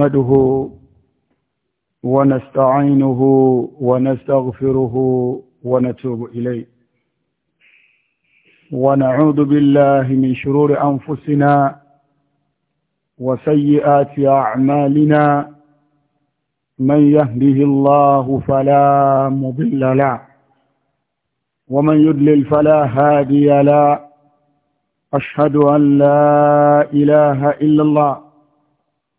نحمده ونستعينه ونستغفره ونتوب إليه ونعوذ بالله من شرور أنفسنا وسيئات أعمالنا من يهده الله فلا مضل له ومن يدلل فلا هادي له أشهد أن لا إله إلا الله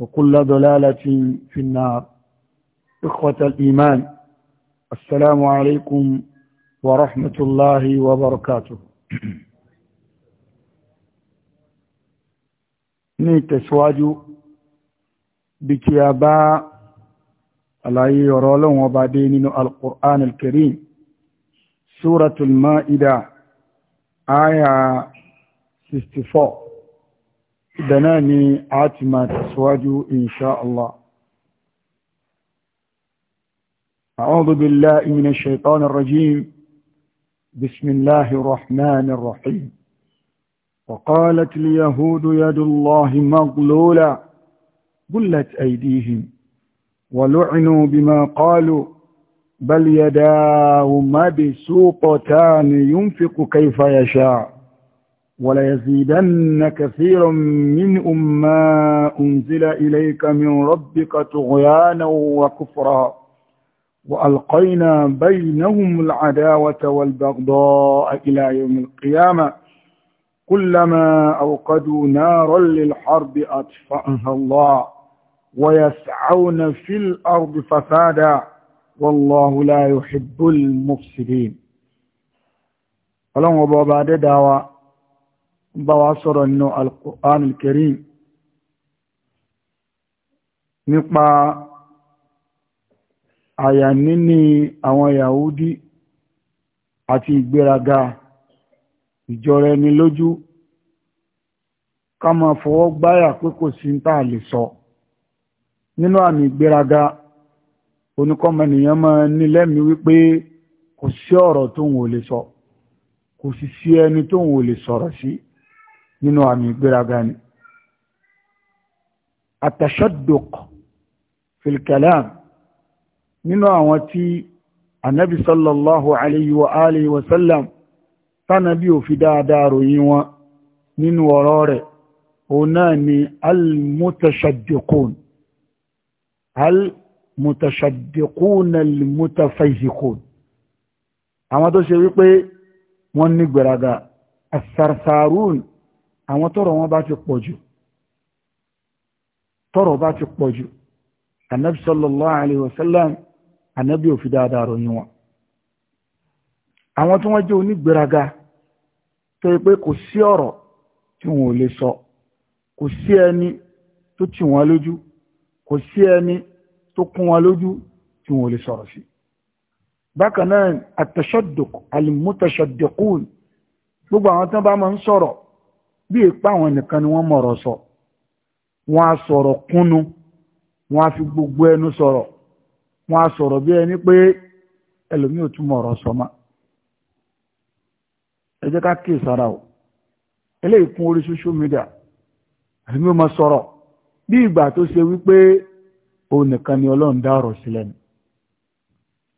وكل ضلالة في النار إخوة الإيمان السلام عليكم ورحمة الله وبركاته ní tẹ̀síwájú bí kí a bá àlàyé ọ̀rọ̀ ọlọ́run ọba dé nínú alkur'an alkarim suratul ma'ida aya 64 دناني عاتمة ni إن شاء الله أعوذ بالله من الشيطان الرجيم بسم الله الرحمن الرحيم وقالت اليهود يد الله مغلولة قلت أيديهم ولعنوا بما قالوا بل يداه مبسوطتان ينفق كيف يشاء وليزيدن كثيرا منهم ما أنزل إليك من ربك طغيانا وكفرا وألقينا بينهم العداوة والبغضاء إلى يوم القيامة كلما أوقدوا نارا للحرب أطفأها الله ويسعون في الأرض فسادا والله لا يحب المفسدين ọlọ́run ọba ọba bá wa sọ̀rọ̀ nínú Al-Qur'an Al-Karim nípa àyà níní àwọn Yahudi àti ìgbéraga ìjọra ẹni lójú ká máa fọwọ́ gbáyà pé kò sí tá a lè sọ nínú àmì ìgbéraga oníkọ́mọnìyàn máa ní lẹ́mìí wípé kò sí ọ̀rọ̀ tóun ò lè sọ kò sì sí ẹni tóun ò lè sọ̀rọ̀ sí. Si nínú àmì ìgbéraga ni àtàṣọ́dùk filkalam nínú àwọn tí anábi sallallahu alayhi wa alihi wa sallam tánàbí ò fi dáadáa ròyìn wọn nínú ọ̀rọ̀ rẹ̀ òun náà ni almutashaddikun almutashaddikun almutafayhikun àwọn tó ṣe wípé wọ́n ní gbéraga asàrsàrún àwọn tọ́rọ̀ wọn bá ti pọ̀ jù tọ́rọ̀ bá ti pọ̀ jù anabi sallallahu alayhi wa sallam anabi ò fi dáadáa ròyìn wọn àwọn tí wọ́n jẹ́ onígbéraga tó yẹ pé kò sí ọ̀rọ̀ tí wọn ò lè sọ kò sí ẹni tó tì wọ́n lójú kò sí ẹni tó kún wọn lójú tí wọn lè sọ̀rọ̀ sí bákan náà àtẹ̀ṣọ́dùk àlìmútẹ̀ṣọ́dùkún gbogbo àwọn tí bá máa ń sọ̀rọ̀ bí ipa àwọn nìkan ni wọ́n mọ̀rọ̀ sọ wọ́n á sọ̀rọ̀ kúnnu wọ́n á fi gbogbo ẹnu sọ̀rọ̀ wọ́n á sọ̀rọ̀ bí ẹni pé ẹlòmíì ò tún mọ̀rọ̀ sọ mọ́ ẹ jẹ́ ká kí ìsára o eléyìí kún orí social media ẹlòmíì ò mọ sọ̀rọ̀ bí ìgbà tó ṣe wípé òun nìkan ni ọlọ́run dá ọ̀rọ̀ sílẹ̀ ni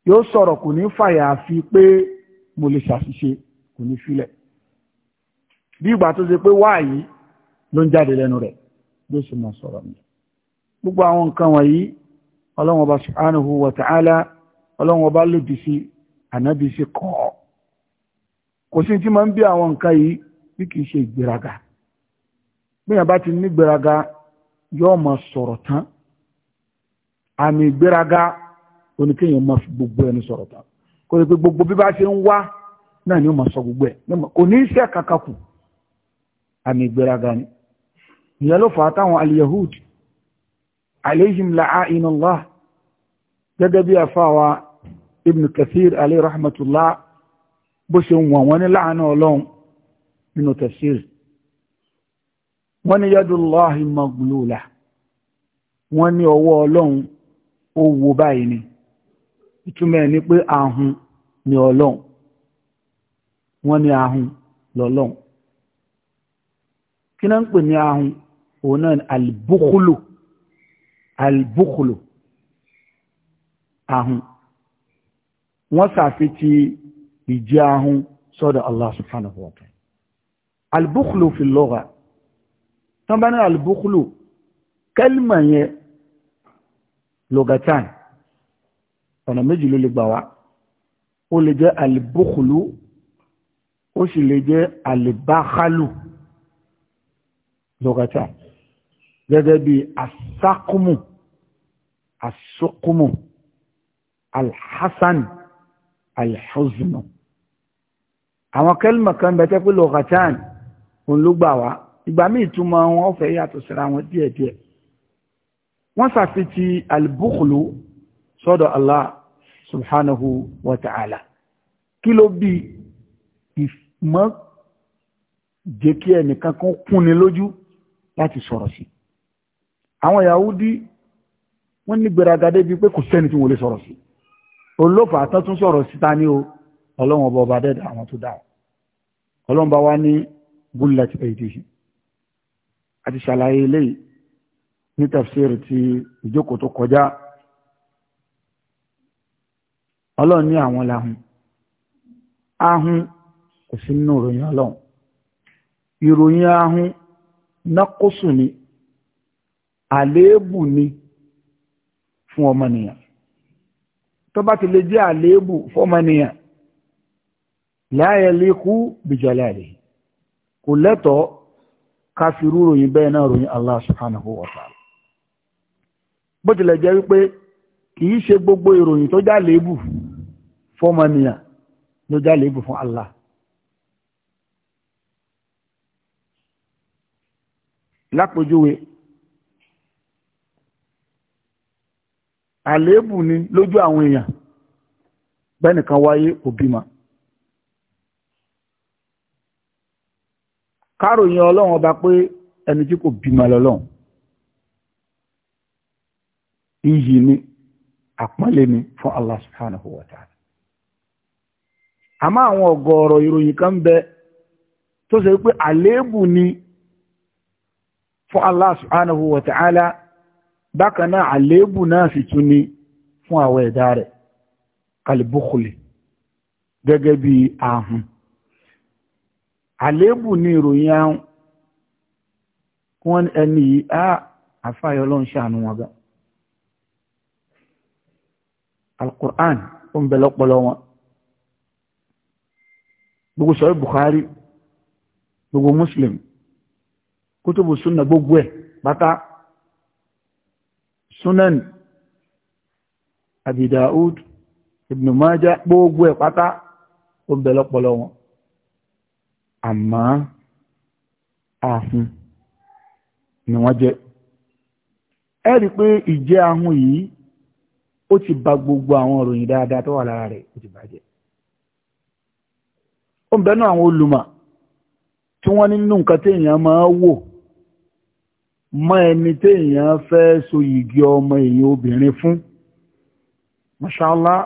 yóò sọ̀rọ̀ kò ní fàyà àfi pé mo lè ṣàṣìṣe kò ní filẹ̀ bí ìgbà tó ṣe pé wáàyí ló ń jáde lẹ́nu rẹ̀ ló sì mọ̀ sọ̀rọ̀ mi gbogbo àwọn nǹkan wọ̀nyí ọlọ́run ọba subhanahu wa ta'ala ọlọ́run lòdì sí ànábì sí kọ́ kò sí tí máa ń bí àwọn nǹkan yìí bí kì í ṣe ìgbéraga gbogbo ẹni sọ̀rọ̀ tán kò gbogbo bí bá ṣe ń wá náà ni ó sọ àmì ìgbéraga ni ìyẹn ló fà á táwọn al-yahud alayhim la'inullah gẹ́gẹ́ bí àfáwa ibn kathir alayhi rahmatullah bó ṣe ń wọ̀n wọ́n ní láàánú ọlọ́run nínú tafsir wọ́n ní yadullahi maglula wọ́n ọwọ́ ọlọ́run ó wo báyìí ni ìtumọ̀ ni pé ahun ni ọlọ́run wọ́n ahun lọ́lọ́run kí náà ń pè ní ahun òun náà ni albukulu albukulu ahun wọ́n sàfitì ìjẹ́ ahun sọ́dọ̀ Allah subhanahu wa ta'ala albukulu fi lọ́gà tán bá ní albukulu kẹ́lìmọ̀ yẹn lọ́gàtàn ọ̀nà méjì ló lè gbà wá ó lè jẹ́ albukulu ó sì lè jẹ́ alibakalu dọ́kátà gẹ́gẹ́ bí asákùmù asókùmù alhassan alhuznu àwọn kẹ́lìmọ̀ kan bẹ̀tẹ́ pé lọ́kátàn òun ló gbà wá ìgbà míì túmọ̀ wọn ọ̀fẹ́ yàtọ̀ síra wọn díẹ̀díẹ̀ wọ́n sàfitì albukhlu sọ́dọ̀ Allah subhanahu wa ta'ala kí ló bí ìmọ̀ jẹ́ ẹnìkan kan kúnni lójú láti sọ̀rọ̀ sí àwọn Yahudi wọ́n ní gbéraga débi pé kò sẹ́ni tí wọ́n lè sọ̀rọ̀ sí olófà àtọ́tún sọ̀rọ̀ síta ní o ọlọ́run ọba ọba dẹ́dà àwọn tó dáa ọlọ́run bá wá ní bullet meditation àti ṣàlàyé eléyìí ní tafsir ti ìjókòó tó kọjá ọlọ́run ní àwọn làhùn ahun kò sí nínú ìròyìn ọlọ́run ìròyìn ahun nákóṣù ni àléébù ni fún ọmọnìyàn tó bá ti lè jẹ́ àléébù fọ́mọnìyàn láyé lékú bìjọlá rẹ̀ kò lẹ́tọ̀ọ́ ká fi ròyìn bẹ́ẹ̀ náà ròyìn Allah subhanahu wa ta'ala bó tilẹ̀ jẹ́ wípé kìí ṣe gbogbo ìròyìn tó já léébù fọ́mọnìyàn ló já léébù fún Allah lápòjúwe àléébù ni lójú àwọn èèyàn bẹ́nìkan wáyé òbímọ káròyìn ọlọ́run ọba pé ẹni tí kò bímọ lọ́lọ́run iyì ni àpọ́nlé ni fún Allah subhanahu wa ta'ala àwọn ọ̀gọ̀ọ̀rọ̀ ìròyìn kan bẹ tó pé àléébù ni fún Allah subhanahu wa ta'ala bákan náà àléébù náà sì tún ní fún àwọn ẹ̀dá rẹ̀ kalibukuli gẹ́gẹ́ bí ahun àléébù ní ìròyìn ahun wọ́n ẹni yìí á àfáyọ ló ṣàánú wọn gan alkur'an ó ń bẹ lọ́pọlọ wọn gbogbo sọ̀rọ̀ Bukhari gbogbo Muslim kútùbù súnà gbogbo ẹ̀ pátá súnan Abi Daud Ibn Majah gbogbo ẹ̀ pátá ó bẹ̀ lọ́pọ̀lọ́ wọn àmọ́ ààfin ni wọ́n jẹ́ ẹ rí pé ìjẹ́ ahun yìí ó ti ba gbogbo àwọn ìròyìn dáadáa tó wà lára rẹ̀ ó ti bàjẹ́ ó ń bẹ́nu àwọn olùmọ̀ tí wọ́n nínú nǹkan tí máa wò mọ́ ẹni téèyàn fẹ́ so yìgì ọmọ èèyàn obìnrin fún mashallah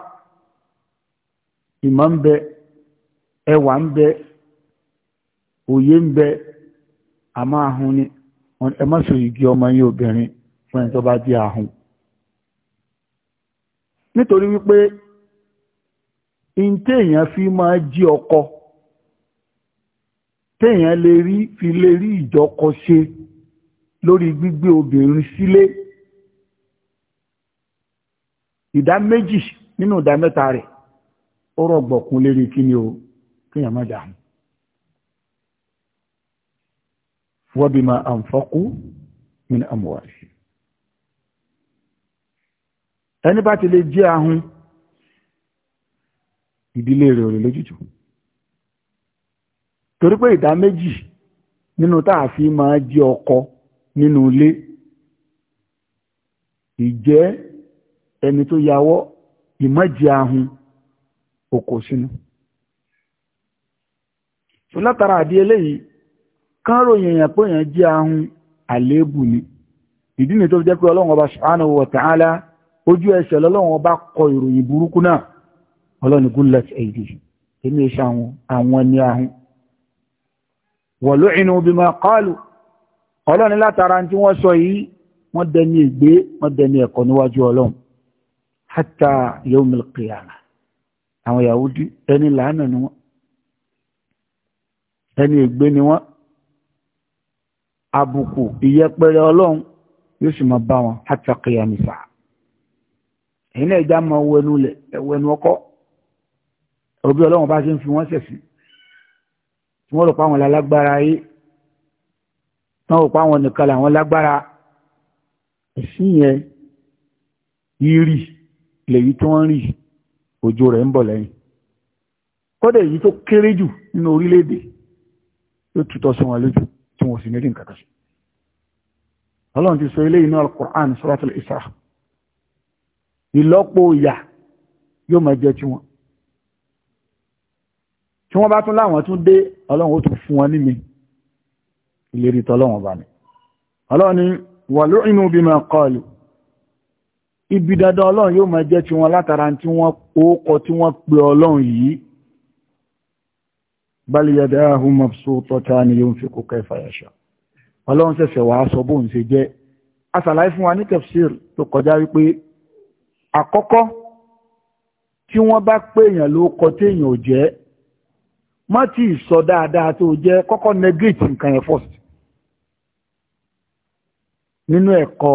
ìmọ̀ ń bẹ ẹwà ń bẹ òye ń bẹ àmọ́ ahun ni ẹ má so yìgì ọmọ yín obìnrin fún ẹni tó bá jẹ́ ahun nítorí wípé in téèyàn fi máa jí ọkọ téèyàn lè rí fi lè rí ìjọkọ ṣe lórí gbígbé obìnrin sílé ìdá méjì nínú ìdá mẹ́ta rẹ̀ ó rọ̀gbọ̀kún lérí kí ni o kíyàn ahụ dàmú wa bima anfaqu ẹni bá ti lè jẹ́ ahun ìdílé rẹ̀ òrè lójútù torí pé ìdá méjì nínú táà ọkọ nínú ilé ìjẹ́ ẹni tó yàwọ́ ìmọ̀jì ahun òkò sínú tó látara àdí eléyìí kán ròyìn èèyàn pé èèyàn jẹ́ ahun àléébù ni ìdí ni tó jẹ́ pé ọlọ́run ọba subhanahu wa ta'ala ojú ẹsẹ̀ lọ́lọ́run ọba kọ ìròyìn burúkú náà ọlọ́run gullat aidi èmi ìṣe àwọn ẹni ahun wa obi bima qalu ọlọ́run ní látara tí wọ́n sọ yìí wọ́n dẹni ègbé wọ́n dẹni ẹ̀kọ́ níwájú ọlọ́run hatta yawmil qiyamah àwọn Yahudi ẹni làánà ni wọ́n ẹni ègbé ni wọ́n àbùkù ìyẹpẹrẹ ọlọ́run yóò sì máa bá wọn hatta qiyamah sáà èyí náà ìjà máa wẹnu lẹ̀ ẹwẹnu ọkọ́ òbí ọlọ́run bá ṣe ń fi wọ́n ṣẹ̀sìn tí wọ́n rò pa àwọn lálágbára yìí tán ò pa àwọn nìkan làwọn lágbára ẹ̀sìn yẹn yìí lèyí tí wọ́n rí òjò rẹ̀ ń bọ̀ lẹ́yìn kódà èyí tó kéré jù nínú orílẹ̀-èdè ló tutọ́ sí wọn lójú tí wọ́n sì ní rí nǹkan kan sí ọlọ́run ti sọ eléyìí náà Al-Qur'an Suratul Isra ìlọ́po ìyà yóò máa jẹ́ tiwọn tí wọ́n bá tún láwọn tún dé ọlọ́run ó tún fún wọn ní mi ìlérí tọ́lọ́wọ̀n bá ní ọlọ́ni wà ló'inú bí ma kọlù ibi dada ọlọ́run yóò máa jẹ́ ti wọn látara tí wọ́n kó tí wọ́n pè ọlọ́run yìí balẹ̀yẹ̀dẹ̀ ahùn mọ̀só tọ́ta ni yóò fi kó kẹfà ọlọ́run sẹ̀sẹ̀ wàá sọ bóun ṣe jẹ́ asàlàyé fún wa ní tefsir tó kọjá wípé àkọ́kọ́ tí wọ́n bá pé èèyàn ló kọ tí ò jẹ́ má tí sọ dáadáa tó jẹ́ kọ́kọ́ negate nǹkan yẹn first nínú ẹ̀kọ́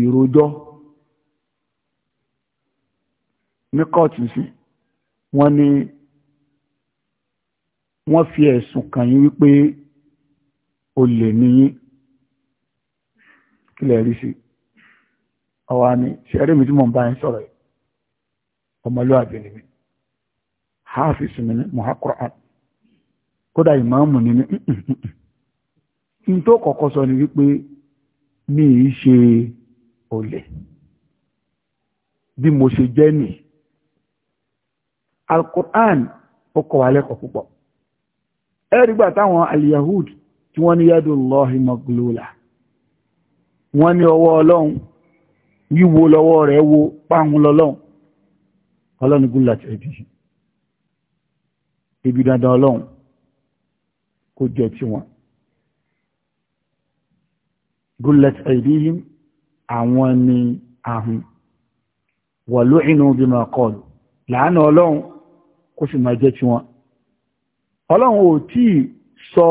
ìròjọ́ ní kóòtù sí wọ́n wọ́n fi ẹ̀sùn kàn yín wípé olè ni yín kí lẹ̀ rí sí ọwá ni ṣẹ́rí mi tí mò ń bá yín sọ̀rọ̀ yìí ọmọlúwàbí ni mi kódà ìmáàmù ni n tó kọ́kọ́ sọ ni wípé mi ì ṣe olè bí mo ṣe jẹ́ nì Al-Qur'an ó kọ́ wa lẹ́kọ̀ọ́ púpọ̀ ẹ̀rígbà táwọn al-Yahud tí wọ́n ní yadullahi maglula wọ́n ní ọwọ́ ọlọ́run wíwo lọ́wọ́ rẹ̀ wo páhùn lọ́lọ́run ọlọ́run gúnlá ti ẹ̀dì ibi dandan ọlọ́run kó jẹ́ tiwọn gullat aydihim àwọn ni ahun wa lu'inu bima qalu làánà ọlọ́run kó sì máa jẹ́ tí wọn ọlọ́run ò tí ì sọ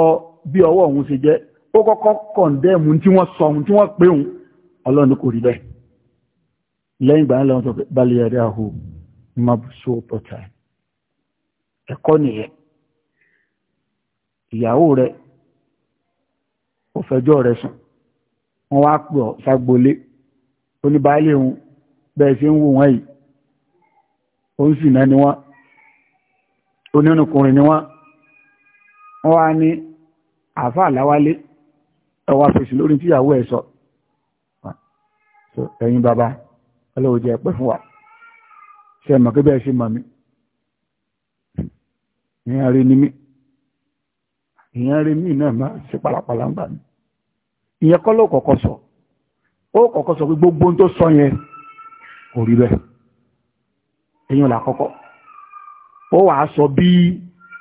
bí ọwọ́ òun ṣe jẹ́ ó kọ́kọ́ kọ̀ǹdẹ́mù tí wọ́n sọ tí wọ́n pé òun ọlọ́run kò rí bẹ́ẹ̀ lẹ́yìn ìgbà ńlọ́run sọ balẹ̀ yàrá ahò mabso pọ̀tà ẹ̀kọ́ nìyẹn ìyàwó rẹ̀ ó fẹjọ́ rẹ̀ sùn wọ́n wá pọ̀ sagbolé oníbàálẹ̀ òun bẹ́ẹ̀ ṣe ń wò wọ́n yìí òun sì náà ni wọ́n onínúkùnrin ni wọ́n wọ́n wá ní àáfà láwálé ẹwà fèsì lórí tíyàwó ẹ̀ sọ ẹ̀yin bàbá ọlọ́wọ́ jẹ́ pẹ́ fún wa ṣe mọ̀ kí bẹ́ẹ̀ ṣe mọ̀ mi ìyẹn rí ní mí ìyẹn rí mí náà máa ṣe pàlàpàlà ń gbà mí ìyẹn kọ́ ló kọ́kọ́ sọ ó kọ́kọ́ sọ pé gbogbo tó sọ yẹn kò rí bẹ́ẹ̀ èyàn là kọ́kọ́ ó wàá sọ bí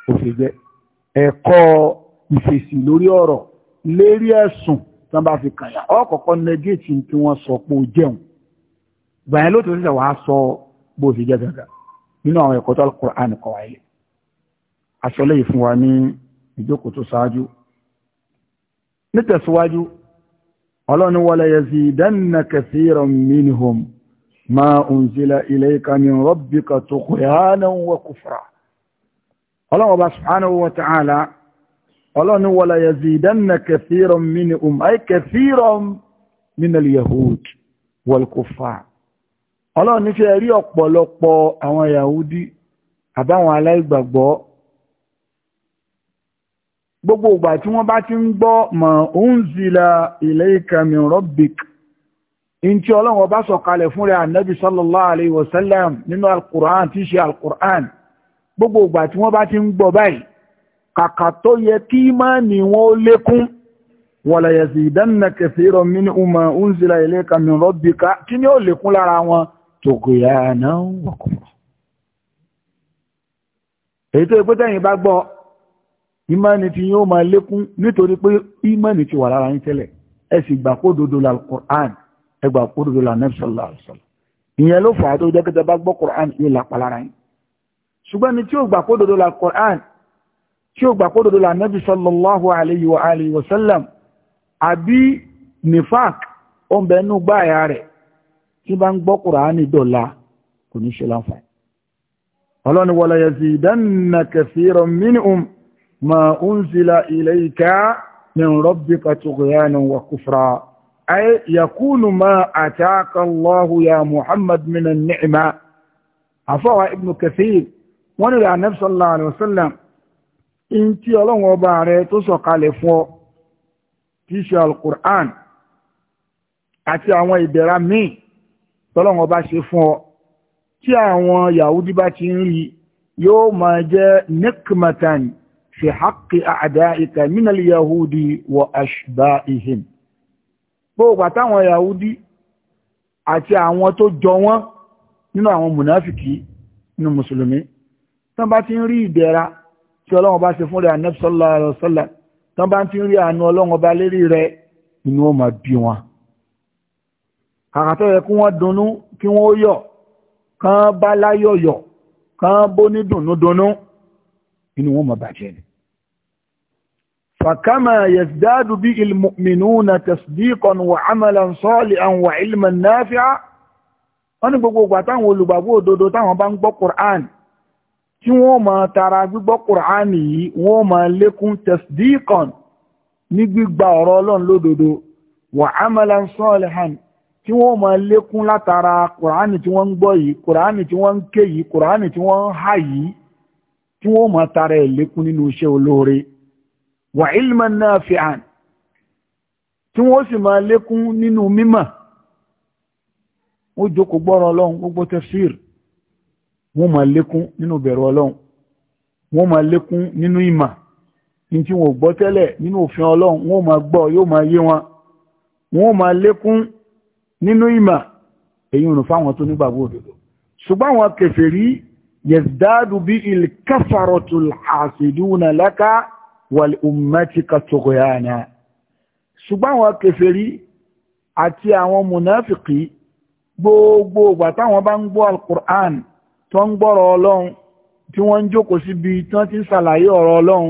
òfin jẹ ẹ̀kọ́ ìfèsì lórí ọ̀rọ̀ lérí ẹ̀sùn tí wọ́n bá fi kàyà ó kọ́kọ́ nẹgẹ́tì tí wọ́n sọ pé ó jẹun gbà lóòótọ́ sísẹ̀ wàá sọ bó ṣe jẹ gàgà nínú àwọn ẹ̀kọ́ tó Al-Qur'an kọ́ wáyé aṣọ lẹ́yìn fún wa ní ìjókòó tó ṣáájú nítẹ̀síwájú ọlọ́ni wala yazidanna kathiran minhum ma unzila ilayka min rabbika tughyanan wa kufra ọlọ́wọ́ bá subhanahu wa ta'ala ọlọ́ni wala yazidanna kathiran minhum ay kathiran min al-yahud wal kuffar ọlọ́ni fẹ́ rí ọ̀pọ̀lọpọ̀ gbogbo ìgbà tí wọ́n bá ti ń gbọ́ mọ̀ unzila ilayka min rabbik in tí ọlọ́run ọba sọ̀kalẹ̀ fún rẹ̀ ànábì sallallahu alayhi wa sallam nínú alkùrán tí ṣe alkùrán gbogbo ìgbà tí wọ́n bá ti ń gbọ́ báyìí kàkà tó yẹ kí máa ní wọ́n lékún wala yazidanna ìmáni tí yóò máa lékún nítorí pé ìmáni ti wà lára yín tẹ́lẹ̀ ẹ sì gbà kó dodo la Qur'an ẹ gbà kó dodo la Nabi sallallahu alaihi wasallam ìyẹn ló fà á tó jẹ́ kẹta bá gbọ́ Qur'an yóò lápá lára yín ṣùgbọ́n ni tí ó gbà kó dodo la Qur'an tí ó gbà kó dodo la Nabi sallallahu wa alihi àbí nifak ó ń gbáyà rẹ̀ tí bá ń gbọ́ Qur'an dọ̀la kò ní ṣe láǹfààní ọlọ́ni wala yazidanna kathiran minhum ما أنزل إليك من ربك طغيانا وكفرا أي يكون ما أتاك الله يا محمد من النعمة أفوى ابن كثير ونرى النبي صلى الله عليه وسلم in tí ọlọ́run ọba rẹ̀ tó sọ̀kalẹ̀ fún ọ tí ṣe al-Qur'an àti àwọn ìdẹ̀ra míì tọ́lọ́run ọba ṣe fún ọ tí àwọn Yahudi bá ti ń rí yóò máa nikmatan في حق أعدائك من اليهود وأشبائهم gbogbo àtàwọn yahudi àti àwọn tó jọ wọ́n nínú àwọn munafiki nínú musulmi tán bá ti ń rí ìdẹ̀ra tí ọlọ́run bá ṣe fún rẹ̀ Ànábì sallallahu alaihi wasallam tán bá ti ń rí àánú ọlọ́run bá lérí rẹ̀ inú ó bí wọn kàkà yẹ kí wọ́n dunnú kí wọ́n yọ̀ kán bá láyọ̀yọ̀ kán bó ní dùnnú dunnú inú wọn bàjẹ́ ni فكما يزداد به المؤمنون تصديقا وعملا صالحا وعلما نافعا wọ́n ní gbogbo ìgbà táwọn olùgbàgbọ́ òdodo táwọn bá ń gbọ́ Qur'an tí wọ́n máa tara gbígbọ́ Qur'an yìí wọ́n máa lékún tasdiqan ní gbígba ọ̀rọ̀ Ọlọ́run lódodo wa amalan salihan tí wọ́n máa lékún látara Qur'an tí wọ́n ń gbọ́ yìí Qur'an tí wọ́n ń ké yìí Qur'an tí wọ́n ń há yìí tí wọ́n máa tara ẹ̀ lékún nínú iṣẹ́ olóore wà ilman nafi'an tí wọ́n sì máa lékún nínú mímọ̀ wọ́n jókòó gbọ́rọ̀ ọlọ́run gbogbo tafsir wọ́n máa lékún nínú bẹ̀rù ọlọ́run wọ́n máa lékún nínú ìmọ̀ ní tí wọ́n gbọ́ tẹ́lẹ̀ nínú òfin ọlọ́run wọ́n máa gbọ́ yóò máa yé wọn wọ́n máa lékún nínú ìmọ̀ èyí ò fáwọn tó nígbàgbọ́ òdodo ṣùgbọ́n àwọn kèfèrí yẹ̀sdáàdù bí il kafaratu al-hasiduna wal ummati katughyana ṣùgbọ́n àwọn kèfèrí àti àwọn mùnáfìkì gbogbo ìgbà táwọn bá ń gbọ́ al-Qur'an tó ń gbọ́rọ̀ ọlọ́run tí wọ́n ń jókòó síbi tán ti ń ṣàlàyé ọ̀rọ̀ ọlọ́run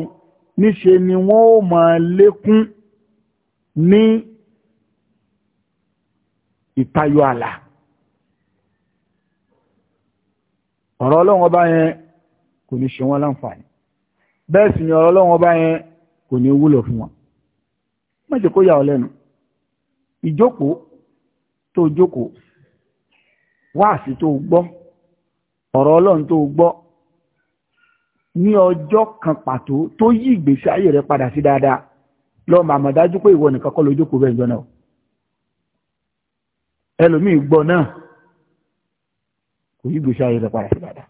níṣe ni wọ́n ó máa lékún ní ìtayọ àlà ọ̀rọ̀ ọlọ́run ọba yẹn kò ní ṣe wọ́n láǹfààní bẹ́ẹ̀ sì ni ọ̀rọ̀ Ọlọ́run ọba yẹn kò ní wúlò fún wọn má jẹ́ kó yà ọ́ lẹ́nu ìjókòó tó jókòó wáàsí tó gbọ́ ọ̀rọ̀ Ọlọ́run tó gbọ́ ní ọjọ́ kan pàtó tó yí ìgbésí ayé rẹ padà sí dáadáa lọ́ọ́ màmá dájú pé ìwọ nìkan kọ́ ló jókòó bẹ́ẹ̀ jọ ẹlòmíì gbọ́ náà kò yí ìgbésí ayé rẹ padà sí dáadáa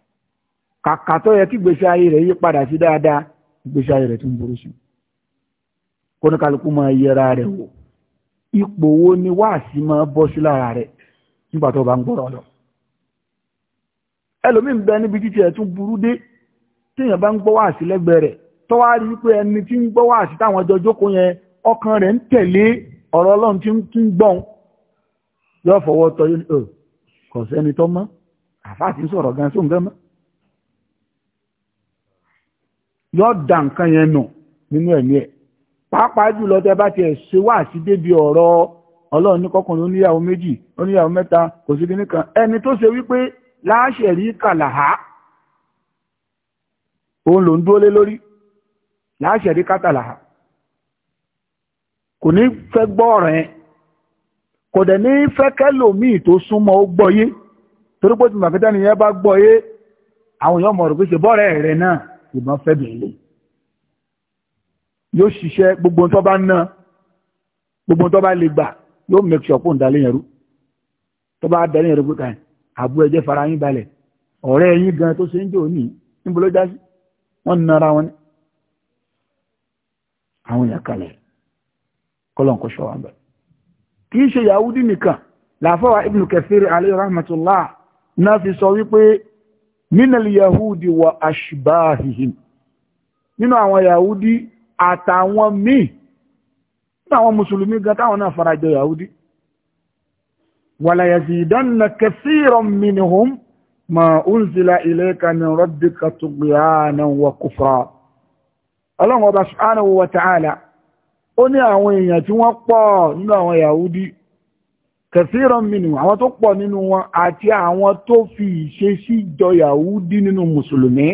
kàkà tó yẹ kí gbèsè ayé rẹ̀ yí padà sí dáadáa gbèsè ayé rẹ̀ tún burú sí kóníkàlùkù máa yẹra rẹ̀ wò ipò wo ni wáàsí máa bọ́ sí lára rẹ̀ nígbà tó bá ń gbọ́rọ̀ lọ ẹlòmí ń bẹ níbi títí ẹ̀ tún burú dé téèyàn bá ń gbọ́ wáàsí lẹ́gbẹ̀ẹ́ rẹ̀ tó wá rí pé ẹni tí ń gbọ́ wáàsí táwọn ọjọ́ jókòó yẹn ọkàn rẹ̀ ń tẹ̀lé ọ̀rọ̀ ọlọ́run tí ń gbọ́n yóò fọwọ́ tọ́ yóò kọ̀ sẹ́ni tọ́ mọ́ àfáà ti ń sọ̀rọ̀ gan sóǹgán mọ́ yóò da nǹkan yẹn nù nínú ẹ̀mí ẹ̀ pàápàá jùlọ tẹ bá tiẹ̀ ṣe wá sí débi ọ̀rọ̀ ọlọ́run ní kọkùnrin oníyàwó méjì oníyàwó mẹ́ta kò sí kan ẹni tó ṣe wípé láṣẹ rí kàlàhà òun ló ń dúró lé lórí láṣẹ rí kàtàlàhà kò ní fẹ́ gbọ́ ọ̀rọ̀ yẹn kò dẹ̀ ní fẹ́ tó súnmọ́ ó torí pé tí bá àwọn èèyàn mọ̀ ìbọn fẹ́bi ilé yóò ṣiṣẹ́ gbogbo tó bá ná gbogbo tó bá lè gbà yóò make sure pò ń dalé yẹn rú tó bá dalé yẹn rú pé káyìn àbú ẹjẹ fara yín balẹ̀ ọ̀rẹ́ yín gan tó ṣe ń jò ní níbo ló já sí wọ́n ń nara wọn ní àwọn èèyàn kalẹ̀ kọ́lọ̀ kó ṣọ́ wa bẹ̀. kì í ṣe Yahudi nìkan làfọwà Ibn Kathir alayhi rahmatullah náà fi sọ wípé minal yahudi wa ashbahihim nínú àwọn yahudi àtàwọn míì nínú àwọn mùsùlùmí gan táwọn náà farajọ yahudi wala yazidanna kathiran minhum ma unzila ilayka min rabbika tughyanan wa kufra ọlọ́run ọba subhanahu wa ta'ala ó ní àwọn èèyàn tí wọ́n pọ̀ nínú àwọn yahudi kẹsìrán mìíràn àwọn tó pọ̀ nínú wọn àti àwọn tó fi ìṣesí jọ Yahudi nínú mùsùlùmí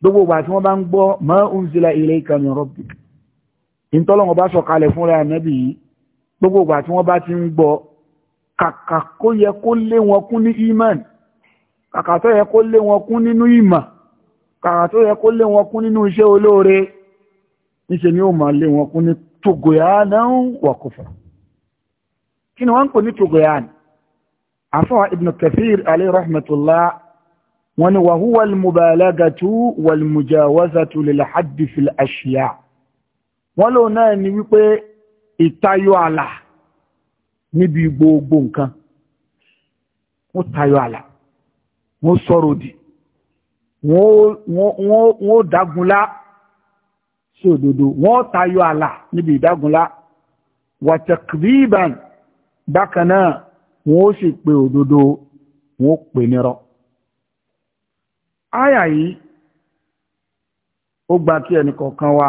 gbogbo ìgbà tí wọ́n bá ń gbọ́ ma unzila ilayka min rabbik ìtọ́lọ́wọ́n bá sọ̀kalẹ̀ fúnra ànábì yìí gbogbo ìgbà tí wọ́n bá ti ń gbọ́ kàkà kó yẹ kó lé wọn kún ní iman kàkà tó yẹ kó lé wọn kún nínú ìmọ̀ kàkà tó yẹ kó lé wọn kún nínú iṣẹ́ olóore níṣe ni ó máa lé wọn kún ní tògòyà náà wà kò fún un kí ni wọ́n ń pè ní tugoyan afọ́ ibn kathir alayhi rahmatullah wọ́n ní wàhúwà almubalagatu walmujawazatu lilhaddi fil ashiya wọ́n lò náà ni wípé ìtayọ àlà níbi gbogbo nǹkan wọ́n tayọ àlà wọ́n sọ̀rọ̀ dì wọ́n dágunlá sí òdodo wọ́n tayọ àlà níbi ìdágunlá wàtẹ̀kìrìbàn bákan náà wọ́n ó sì pe òdodo wọ́n ó pè nírọ́ áyà yìí ó gba kí ẹnìkọ̀ọ̀kan wa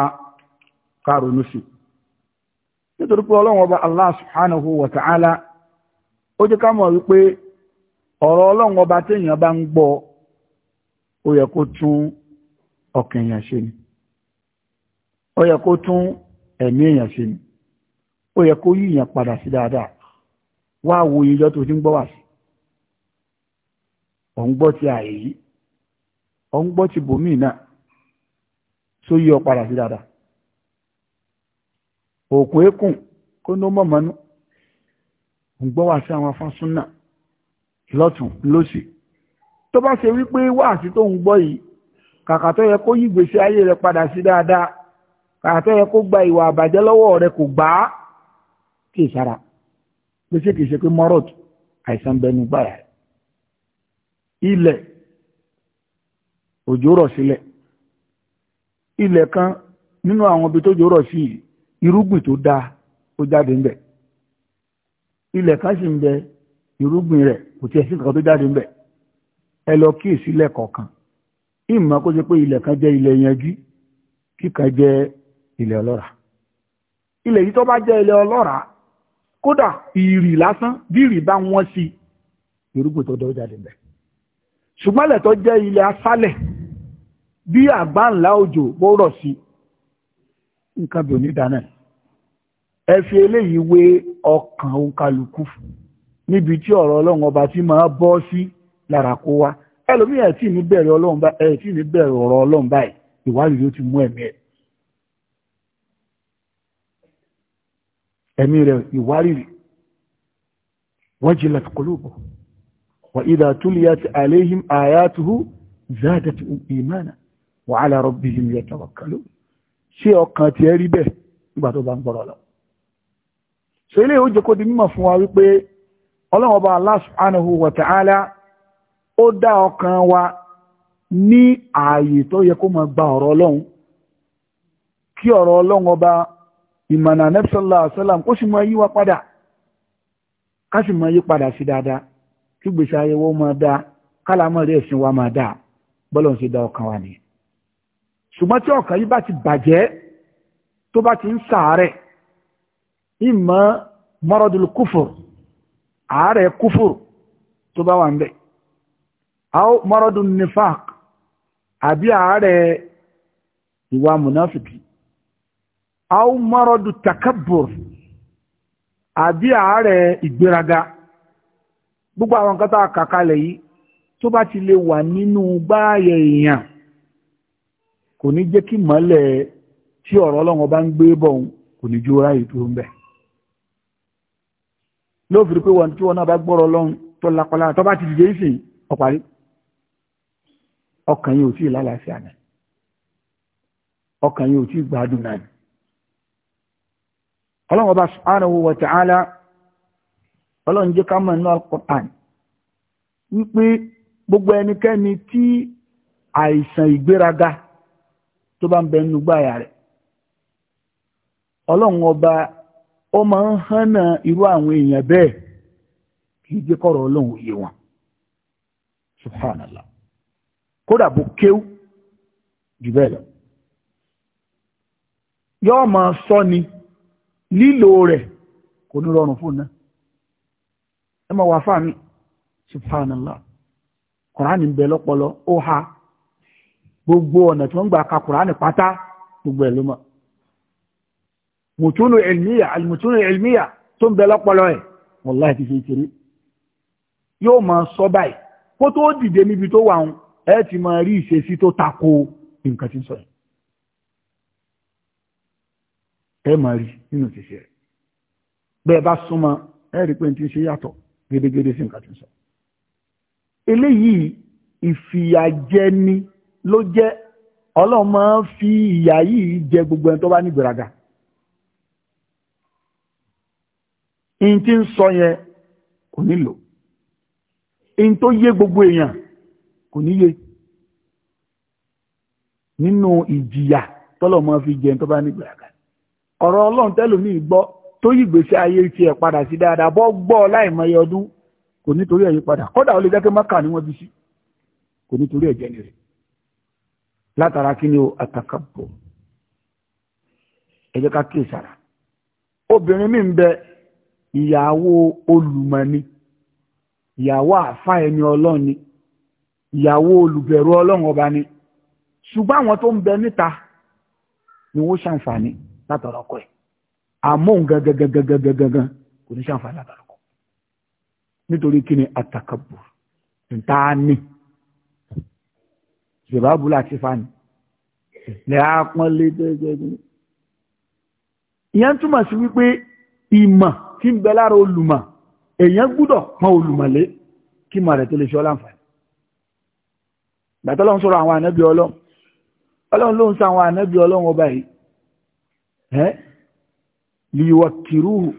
nítorí pé ọlọ́run ọba Allah subhanahu wa ta'ala ó jẹ́ ká wípé ọ̀rọ̀ ọlọ́run ọba téèyàn bá ń gbọ́ ó yẹ kó tún ọkàn èèyàn ṣe ni ó yẹ kó tún ẹ̀mí èèyàn ṣe ni ó yẹ kó yí èèyàn padà sí wá wo ìjọ tó ti ń gbọ́ wà sí ọ̀ gbọ́ ti àyè yìí ọ̀ gbọ́ ti bòmíì náà tó yí ọ padà sí dáadáa òkú ekùn kó ní ó mọ̀ mọ́nú ń gbọ́ wà sí àwọn afásúnà lọ́tún lósì tó bá ṣe wípé wáàsí tó ń gbọ́ yìí kàkà tó yẹ kó yí ìgbésí ayé rẹ padà sí dáadáa kàkà tó yẹ kó gba ìwà àbàjẹ́ lọ́wọ́ rẹ kò gbà á kì í sára. pé ṣé kìí ṣe pé mọ́rọ̀t àìsàn bẹnu gbára ilẹ̀ òjò rọ̀ sílẹ̀ ilẹ̀ kan nínú àwọn ibi tó jò rọ̀ sí irúgbìn tó dáa ó jáde ńbẹ̀ ilẹ̀ kan sì ń bẹ irúgbìn rẹ̀ kò tiẹ̀ sí nǹkan tó jáde ńbẹ̀ ẹ lọ kí ìsílẹ̀ kọ̀ọ̀kan ìmọ̀ kó ṣe pé ilẹ̀ kan jẹ́ ilẹ̀ yanjú kíkan kódà ìrì lásán bí bá wọ́n sí irúgbìn tó dọ́jà lè bẹ̀. ṣùgbọ́n bí òjò bó rọ̀ sí nǹkan ẹ fi eléyìí wé ọkàn òǹkàlùkù níbi tí ọ̀rọ̀ ọlọ́run ọba ti máa bọ́ sí lára kó wá ẹ̀ tí ní bẹ̀rẹ̀ ọlọ́run báyìí ìwádìí ló ti mú ẹ̀mí ẹ̀mí rẹ̀ ìwárìrì wajilat qulubuhum wa idha tuliyat alayhim ayatuhu zadatuhum imana wa ala rabbihim yatawakkalun ṣé ọkàn ti ẹ bẹ́ẹ̀ nígbà tó bá ń gbọ́rọ̀ lọ ilé ìwé di mímọ̀ fún wa wípé ọlọ́run ọba Allah subhanahu wa ta'ala ó dá ọkàn wa ní ààyè tó yẹ gba ọ̀rọ̀ ọlọ́run kí ọ̀rọ̀ ọlọ́run ọba ìmọ̀nà anẹ́bísọ́lá àṣọ́làm kó sì máa yí wa padà ká sì máa yí padà sí dáadáa kí gbèsè ayẹwo máa dáa kálámọ̀ rẹ̀ ẹ̀sìn wa máa dáa bọ́lọ̀ ń ṣe dá ọkàn wa nìyẹn. ṣùgbọ́n tí ọkàn yìí bá ti bàjẹ́ tó bá ti ń sàárẹ̀ ìmọ̀ mọ́rọ́dúlù kúfùr àárẹ̀ kúfùr tó bá wà ń bẹ̀. àwọn mọ́rọ́dúlù nífàk àbí àárẹ̀ ìwà mùnáfìkì au maradu takabbur àbí ààrẹ ìgbéraga gbogbo àwọn nǹkan tá a kà kalẹ̀ yìí tó bá ti lè wà nínú báyẹ̀ èèyàn kò ní jẹ́ kí mọ́lẹ̀ tí ọ̀rọ̀ ọlọ́run bá ń gbé bọ̀ kò ní jó ráyè tó ń bẹ̀ lófin pé wọn tí wọn náà bá gbọ́rọ̀ ọlọ́run tó ọlọ́run ọba ṣùgbọ́n wa ta'ala ọlọ́run jẹ́ ká mọ̀ nínú al wípé gbogbo ẹnikẹ́ni tí àìsàn ìgbéraga tó bá ń bẹ nínú gbáyà rẹ̀ ọlọ́run ọba ọ máa ń hánà irú àwọn èèyàn bẹ́ẹ̀ kì í jẹ́ kọ́rọ̀ ọlọ́run òye wọn kódà bó jù bẹ́ẹ̀ sọ lílò rẹ̀ kò ní rọrùn fún náà ẹ ma wà fáàmì subhanallah kùránì ń bẹ ó ha gbogbo ọ̀nà tí wọ́n gbà ka kùránì pátá gbogbo ẹ̀ mùtúnù ilmiya alìmùtúnù ilmiya tó ń bẹ lọ́pọlọ ẹ̀ wàláhì ti fi kiri yóò máa sọ báyìí kó tó dìde níbi tó wà ń ẹ ti máa rí ìṣesí tó nǹkan sọ yìí ẹ máa rí nínú ìṣẹ̀ṣẹ̀ rẹ̀ bẹ́ẹ̀ bá súnmọ́ ẹ rí pé ti ń ṣe yàtọ̀ gédégédé sí nǹkan tí ń sọ eléyìí ìfìyàjẹni ló jẹ́ ọlọ́run máa ń fi ìyà yìí jẹ gbogbo ẹni tó bá ní gbéraga in tí ń sọ yẹn kò nílò in tó yé gbogbo èèyàn kò níye nínú ìjìyà tọ́lọ̀ máa fi jẹ ẹni tó bá ní gbéraga ọ̀rọ̀ ọlọ́run tẹ́lòmí gbọ́ tó yí ìgbésí ayé tiẹ̀ padà sí dáadáa bọ́ gbọ́ láìmọye ọdún kò nítorí ẹ̀yí padà kódà ó lè jẹ́ pé mọ́kà ni wọ́n bí sí kò nítorí ẹ̀jẹ̀ ni rẹ̀ látara ni o àtàkàbọ̀ ẹni ọlọ́run ni ìyàwó olùbẹ̀rù ọlọ́run ọba ni ṣùgbọ́n àwọn tó ń bẹ níta ni látọ̀rọ̀ ọkọ ẹ̀ àmóhùn gangan kò ní ṣàǹfààní látọ̀rọ̀ ọkọ nítorí kí ni àtàkàbù níta ní zimbabwe láti fani lè á pọ́n lé dẹ́gbẹ́gbẹ́ ìyẹn túmọ̀ sí wípé ìmọ̀ tí ń bẹ lára olùmọ̀ èèyàn gbúdọ̀ pọ́n olùmọ̀lé kí mọ̀ rẹ̀ tó lè ṣe ọ́ láǹfààní gbàtọ́lọ́n sọ̀rọ̀ àwọn ànábì ọlọ́run ọlọ́run ló ń sọ àwọn ànábì ọlọ́run ọba yìí ẹ́ liwa kìrúhù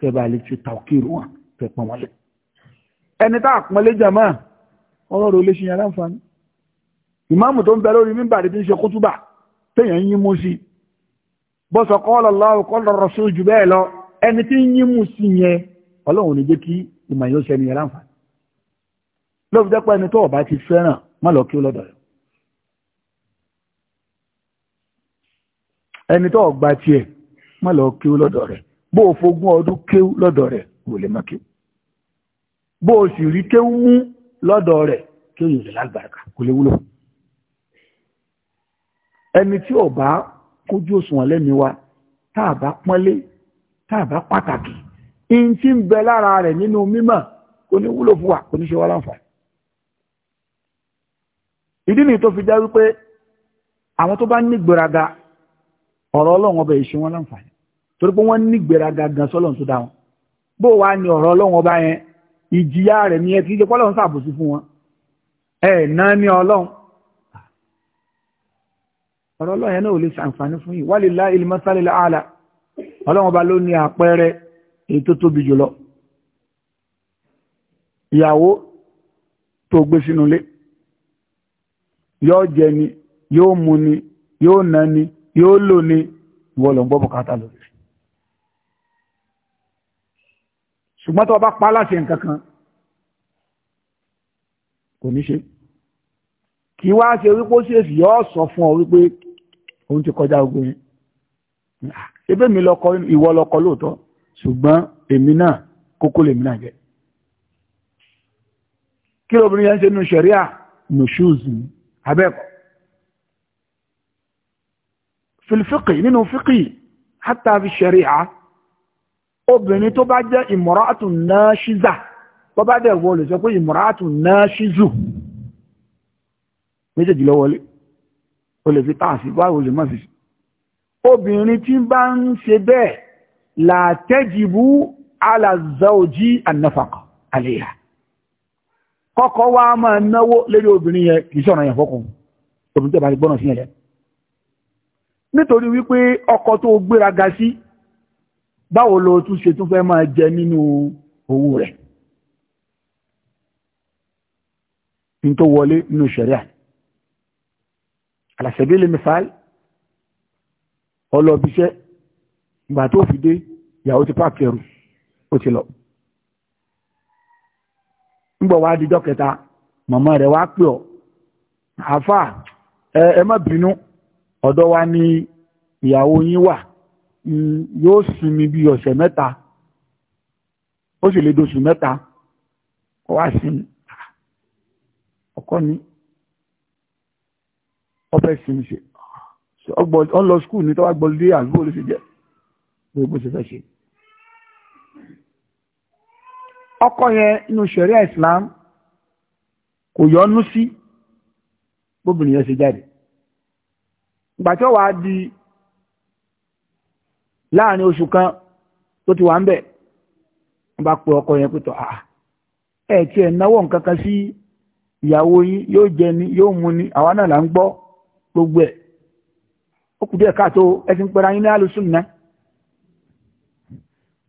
kẹba lè ti ta kìrù wọn kẹ pọ̀ wọn lẹ ẹni tá àpọ́nlé jàmá ọlọ́rọ̀ olè ṣìyàn láǹfààní ìmáàmù tó ń bẹ lórí mímbà rẹ̀ tí ń ṣe kútúbà téèyàn yín mú sí bọ́sọ̀ qala Allahu ẹni tó ọgbà tiẹ̀ má lọ kéwú lọ́dọ̀ rẹ̀ bó o fogún ọdún kéwú lọ́dọ̀ rẹ̀ kò lè má kéwú bó o sì rí kéwú mú lọ́dọ̀ rẹ̀ kí o yòrè lágbàrúkà kò lè wúlò ẹni tí ò bá kójú òṣùwọ̀n lẹ́mi wa tá a bá pọ́nlé tá a bá pàtàkì in tí ń bẹ lára rẹ̀ nínú mímọ̀ kò ní wúlò fún wa kò ní ṣe wá láǹfààní ìdí nìyí tó fi jẹ́ wípé àwọn tó bá ní gbéraga ọ̀rọ̀ ọlọ́run ọba èṣù wọn láǹfààní torí pé wọ́n nígbèraga gan sọ́lọ́run tó dá wọn bó wàá ní ọ̀rọ̀ ọlọ́run ọba yẹn ìjìyà rẹ̀ ní ẹ kí ṣe pọ́lọ́run ṣàbòsí fún wọn ẹ náà ní ọlọ́run ọ̀rọ̀ ọlọ́run yẹn náà ò lè ṣàǹfààní fún yìí wálé láìlì mọ́sálẹ̀ àlà ọlọ́run ọba ló ní àpẹẹrẹ èyí tó tóbi jùlọ ìyàwó tó gbé sínú ilé yóò jẹ ni yóò mu ni yóò nà ni yóò lò ní ìwọ ló ń gbọ́ bùkátà lórí rẹ̀ ṣùgbọ́n tó bá pa láṣẹ nǹkan kan kò ní ṣe kí wá ṣe wípé ó ṣèṣì yóò sọ fún ọ wípé òun ti kọjá ogun yẹn ebe mi lọkọ ìwọ lọkọ lóòótọ́ ṣùgbọ́n èmi náà kókó lèmi náà jẹ kí lóbìnrin yẹn ṣe nu ṣẹ̀ríà nùṣúùzù abẹ́kọ̀ọ́ fìlfìkì nínú fìkì hátà fi ṣẹ̀ríà obìnrin tó bá jẹ́ ìmọ̀ràtù náà ṣíza tó bá dẹ̀ wọlé sọ pé ìmọ̀ràtù náà ṣízù méjèèjì ló wọlé o lè fi táàsì báwo lè mọ́ sí obìnrin tí bá ń ṣe bẹ́ẹ̀ látẹ́jìbú alàzọ́ọ̀jí ànáfàkọ̀ àlèyà kọ́kọ́ wá máa náwó lérí obìnrin yẹn kìí sọ̀rọ̀ yẹn fọ́kùn obìnrin tó bá ti gbọ́nà sí ẹ̀lẹ́ nítorí wípé ọkọ̀ tó gbéraga sí báwo lo tún ṣe tún fẹ́ máa jẹ nínú owó rẹ̀ ní tó wọlé nínú ṣẹ̀ríà àlàṣẹ̀bílẹ̀ mẹ́fàálì ọlọ́ọ̀bíṣẹ́ ìgbà tó fi dé ìyàwó ti pàkì ẹrù ó ti lọ ńgbọ̀ wá díjọ́ màmá rẹ̀ wá pè ọ́ àáfà ẹ má bínú ọ̀dọ̀ wa ni ìyàwó yín wà yóò sinmi bí ọ̀sẹ̀ mẹ́ta ó sì lè doṣù mẹ́ta kó wá sinmi ọkọ ni ọfẹ́ sinmi ṣe ọ lọ skul ní tọ́wọ́ gbọ́lódé àgbò ló ṣe jẹ́ gbogbo ṣe fẹ́ ọkọ yẹn inú Islam kò sí yẹn ṣe jáde gbàtí ọwà di láàrin oṣù kan tó ti wà ń bẹ̀ wọ́n bá pe ọkọ yẹn pẹ̀tọ̀ àà ẹ̀ tí ẹ̀ náwó nǹkan kan sí ìyàwó yín yóò jẹ ni yóò mu ni àwa náà là ń gbọ́ gbogbo ẹ̀ ó kù díẹ̀ káàtó ẹ ti ń pẹ́ra yín náà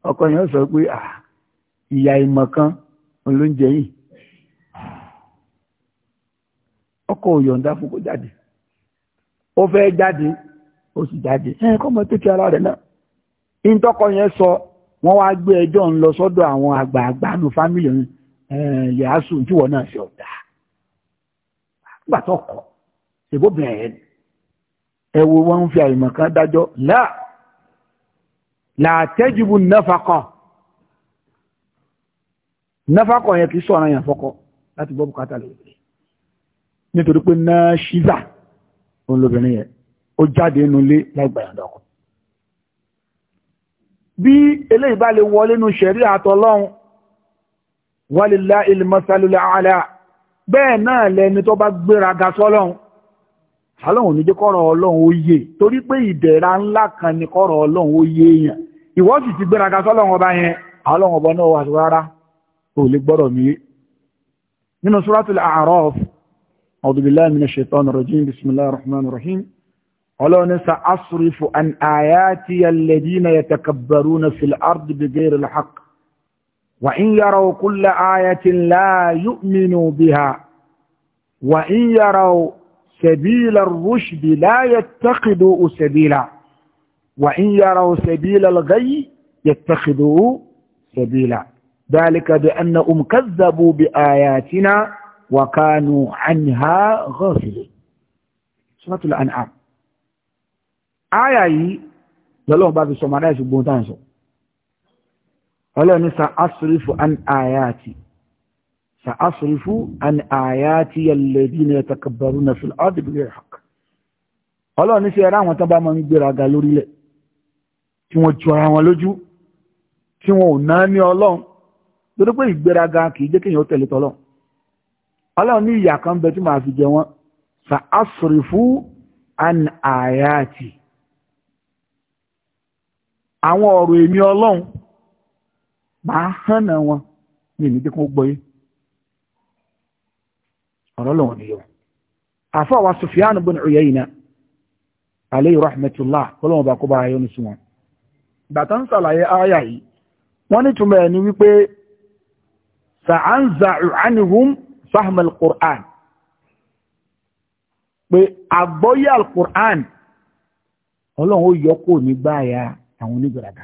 ọkọ yẹn sọ pé ìmọ̀ kan ló ń ọkọ ó fẹ́ jáde ó sì jáde ẹ kọ́ mọ́ tó kí ara rẹ̀ náà ìtọ́kọ yẹn sọ wọ́n wá gbé ẹjọ́ ń lọ sọ́dọ̀ àwọn àgbààgbà nu fámìlì yàásù tíwọ náà ṣe ọ̀dà nígbà tó kọ ṣèbóbìnrin yẹn ẹ wo wọn fi àyùmọ̀ kan dájọ́ láà làtẹ́jìbù náfàkọ̀ náfàkọ̀ yẹn kì í sọ̀rọ̀ yẹn fọ́kọ láti gbọ́ bùkátà lòdì nítorí pé náà ṣíza òun lóbìnrin yẹn ó jáde inú ilé láìgbàyàndà ọkọ bí eléyìí bá lè wọlé nu ṣẹ̀rí àtọlọ́run wàlélá ilmọ́sálólá àlá bẹ́ẹ̀ náà lẹni tó bá gbéra ga sọ́lọ́run àlọ́run ní kọ́rọ̀ ọlọ́run ó yé torí pé ìdẹ̀ra ńlá kan ni kọ́rọ̀ ọlọ́run ó yé èèyàn ìwọ sì ti gbéra ga sọ́lọ́run ọba yẹn àlọ́run ọba náà wà rárá ò lè gbọ́rọ̀ mi nínú suratul A'raf أعوذ بالله من الشيطان الرجيم بسم الله الرحمن الرحيم أنا سأصرف عن آياتي الذين يتكبرون في الأرض بغير الحق وإن يروا كل آية لا يؤمنوا بها وإن يروا سبيل الرشد لا يتخذوا سبيلا وإن يروا سبيل الغي يتخذوا سبيلا ذلك بأنهم كذبوا بآياتنا wàkánu àníhá gọ́ọ̀fìlẹ̀ suratul an'am áyà yìí lọ́lọ́run bá fi sọ màdá ìṣùgbọ́n tá à ń sọ ọlọ́run ní sàásùrífù an àyàtì sàásùrífù an àyàtì alladhina yatakabbaruna fil ardi bighayri haqq ọlọ́run ní sí ẹ̀rá àwọn tán bá máa ń gbéraga lórílẹ̀ tí wọ́n ju ara wọn lójú tí wọ́n ò náà ọlọ́run torí pé ìgbéraga kì í jẹ́ kéèyàn ó tẹ̀lé tọ́lọ́run ọlọ́run ní ìyà kan bẹ tí màá fi jẹ sa an ayati àwọn ọ̀rọ̀ èmi ọlọ́run máa hànà wọn ní ìníjẹ́ kan gbọ́yé ọ̀rọ̀ lọ́wọ́ ni yóò àfọ́ wa Sufyan bin Uyayna alayhi rahmatullah kọ́lọ́wọ́ bá kó bá ayọ́ ní sí bàtà ń sàlàyé ááyà yìí wọ́n ní wípé sa'anza'u fahma al-Qur'an pé àgbọ́yé al-Qur'an ọlọ́run ó yọ kó nígbà ya àwọn onígbàdàgà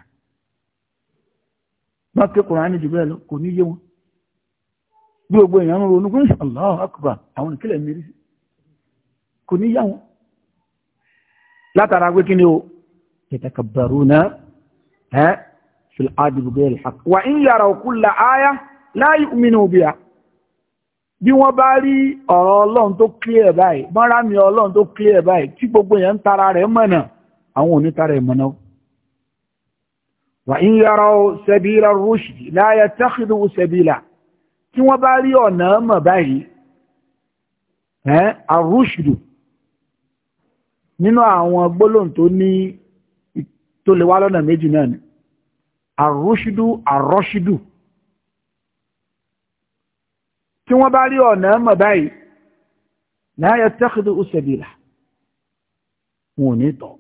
bá ké Qur'an jù bẹ́ẹ̀ lọ kò ní yé wọn bí gbogbo èèyàn ń ronú pé Allahu akbar àwọn ìkílẹ̀ mi rí kò ní yá wọn látara pé ni o yatakabbaruna ẹ́ fil ardi bighayri al-haqq wa in yaraw kulla aya la yu'minu biha bí wọ́n bá rí ọ̀rọ̀ ọlọ́run tó clear báyìí mọ́ra mi ọlọ́run tó clear báyìí tí gbogbo yẹn ń tara rẹ̀ mọ̀nà àwọn onítara ẹ̀ mọ̀nà. wà ń yọrọ sẹbìlà rúṣì láyà tẹ́kìlú sẹbìlà tí wọ́n bá rí ọ̀nà mọ̀ báyìí ẹ̀ àrúṣìlù nínú àwọn gbólóhùn tó ní tó lè wá lọ́nà méjì náà ni àrúṣìlù àrọ́ṣìlù tí wọ́n bá rí ọ̀nà mọ̀ báyìí láyé tẹ́kìdì òṣèbìlà wọn ò ní tọ̀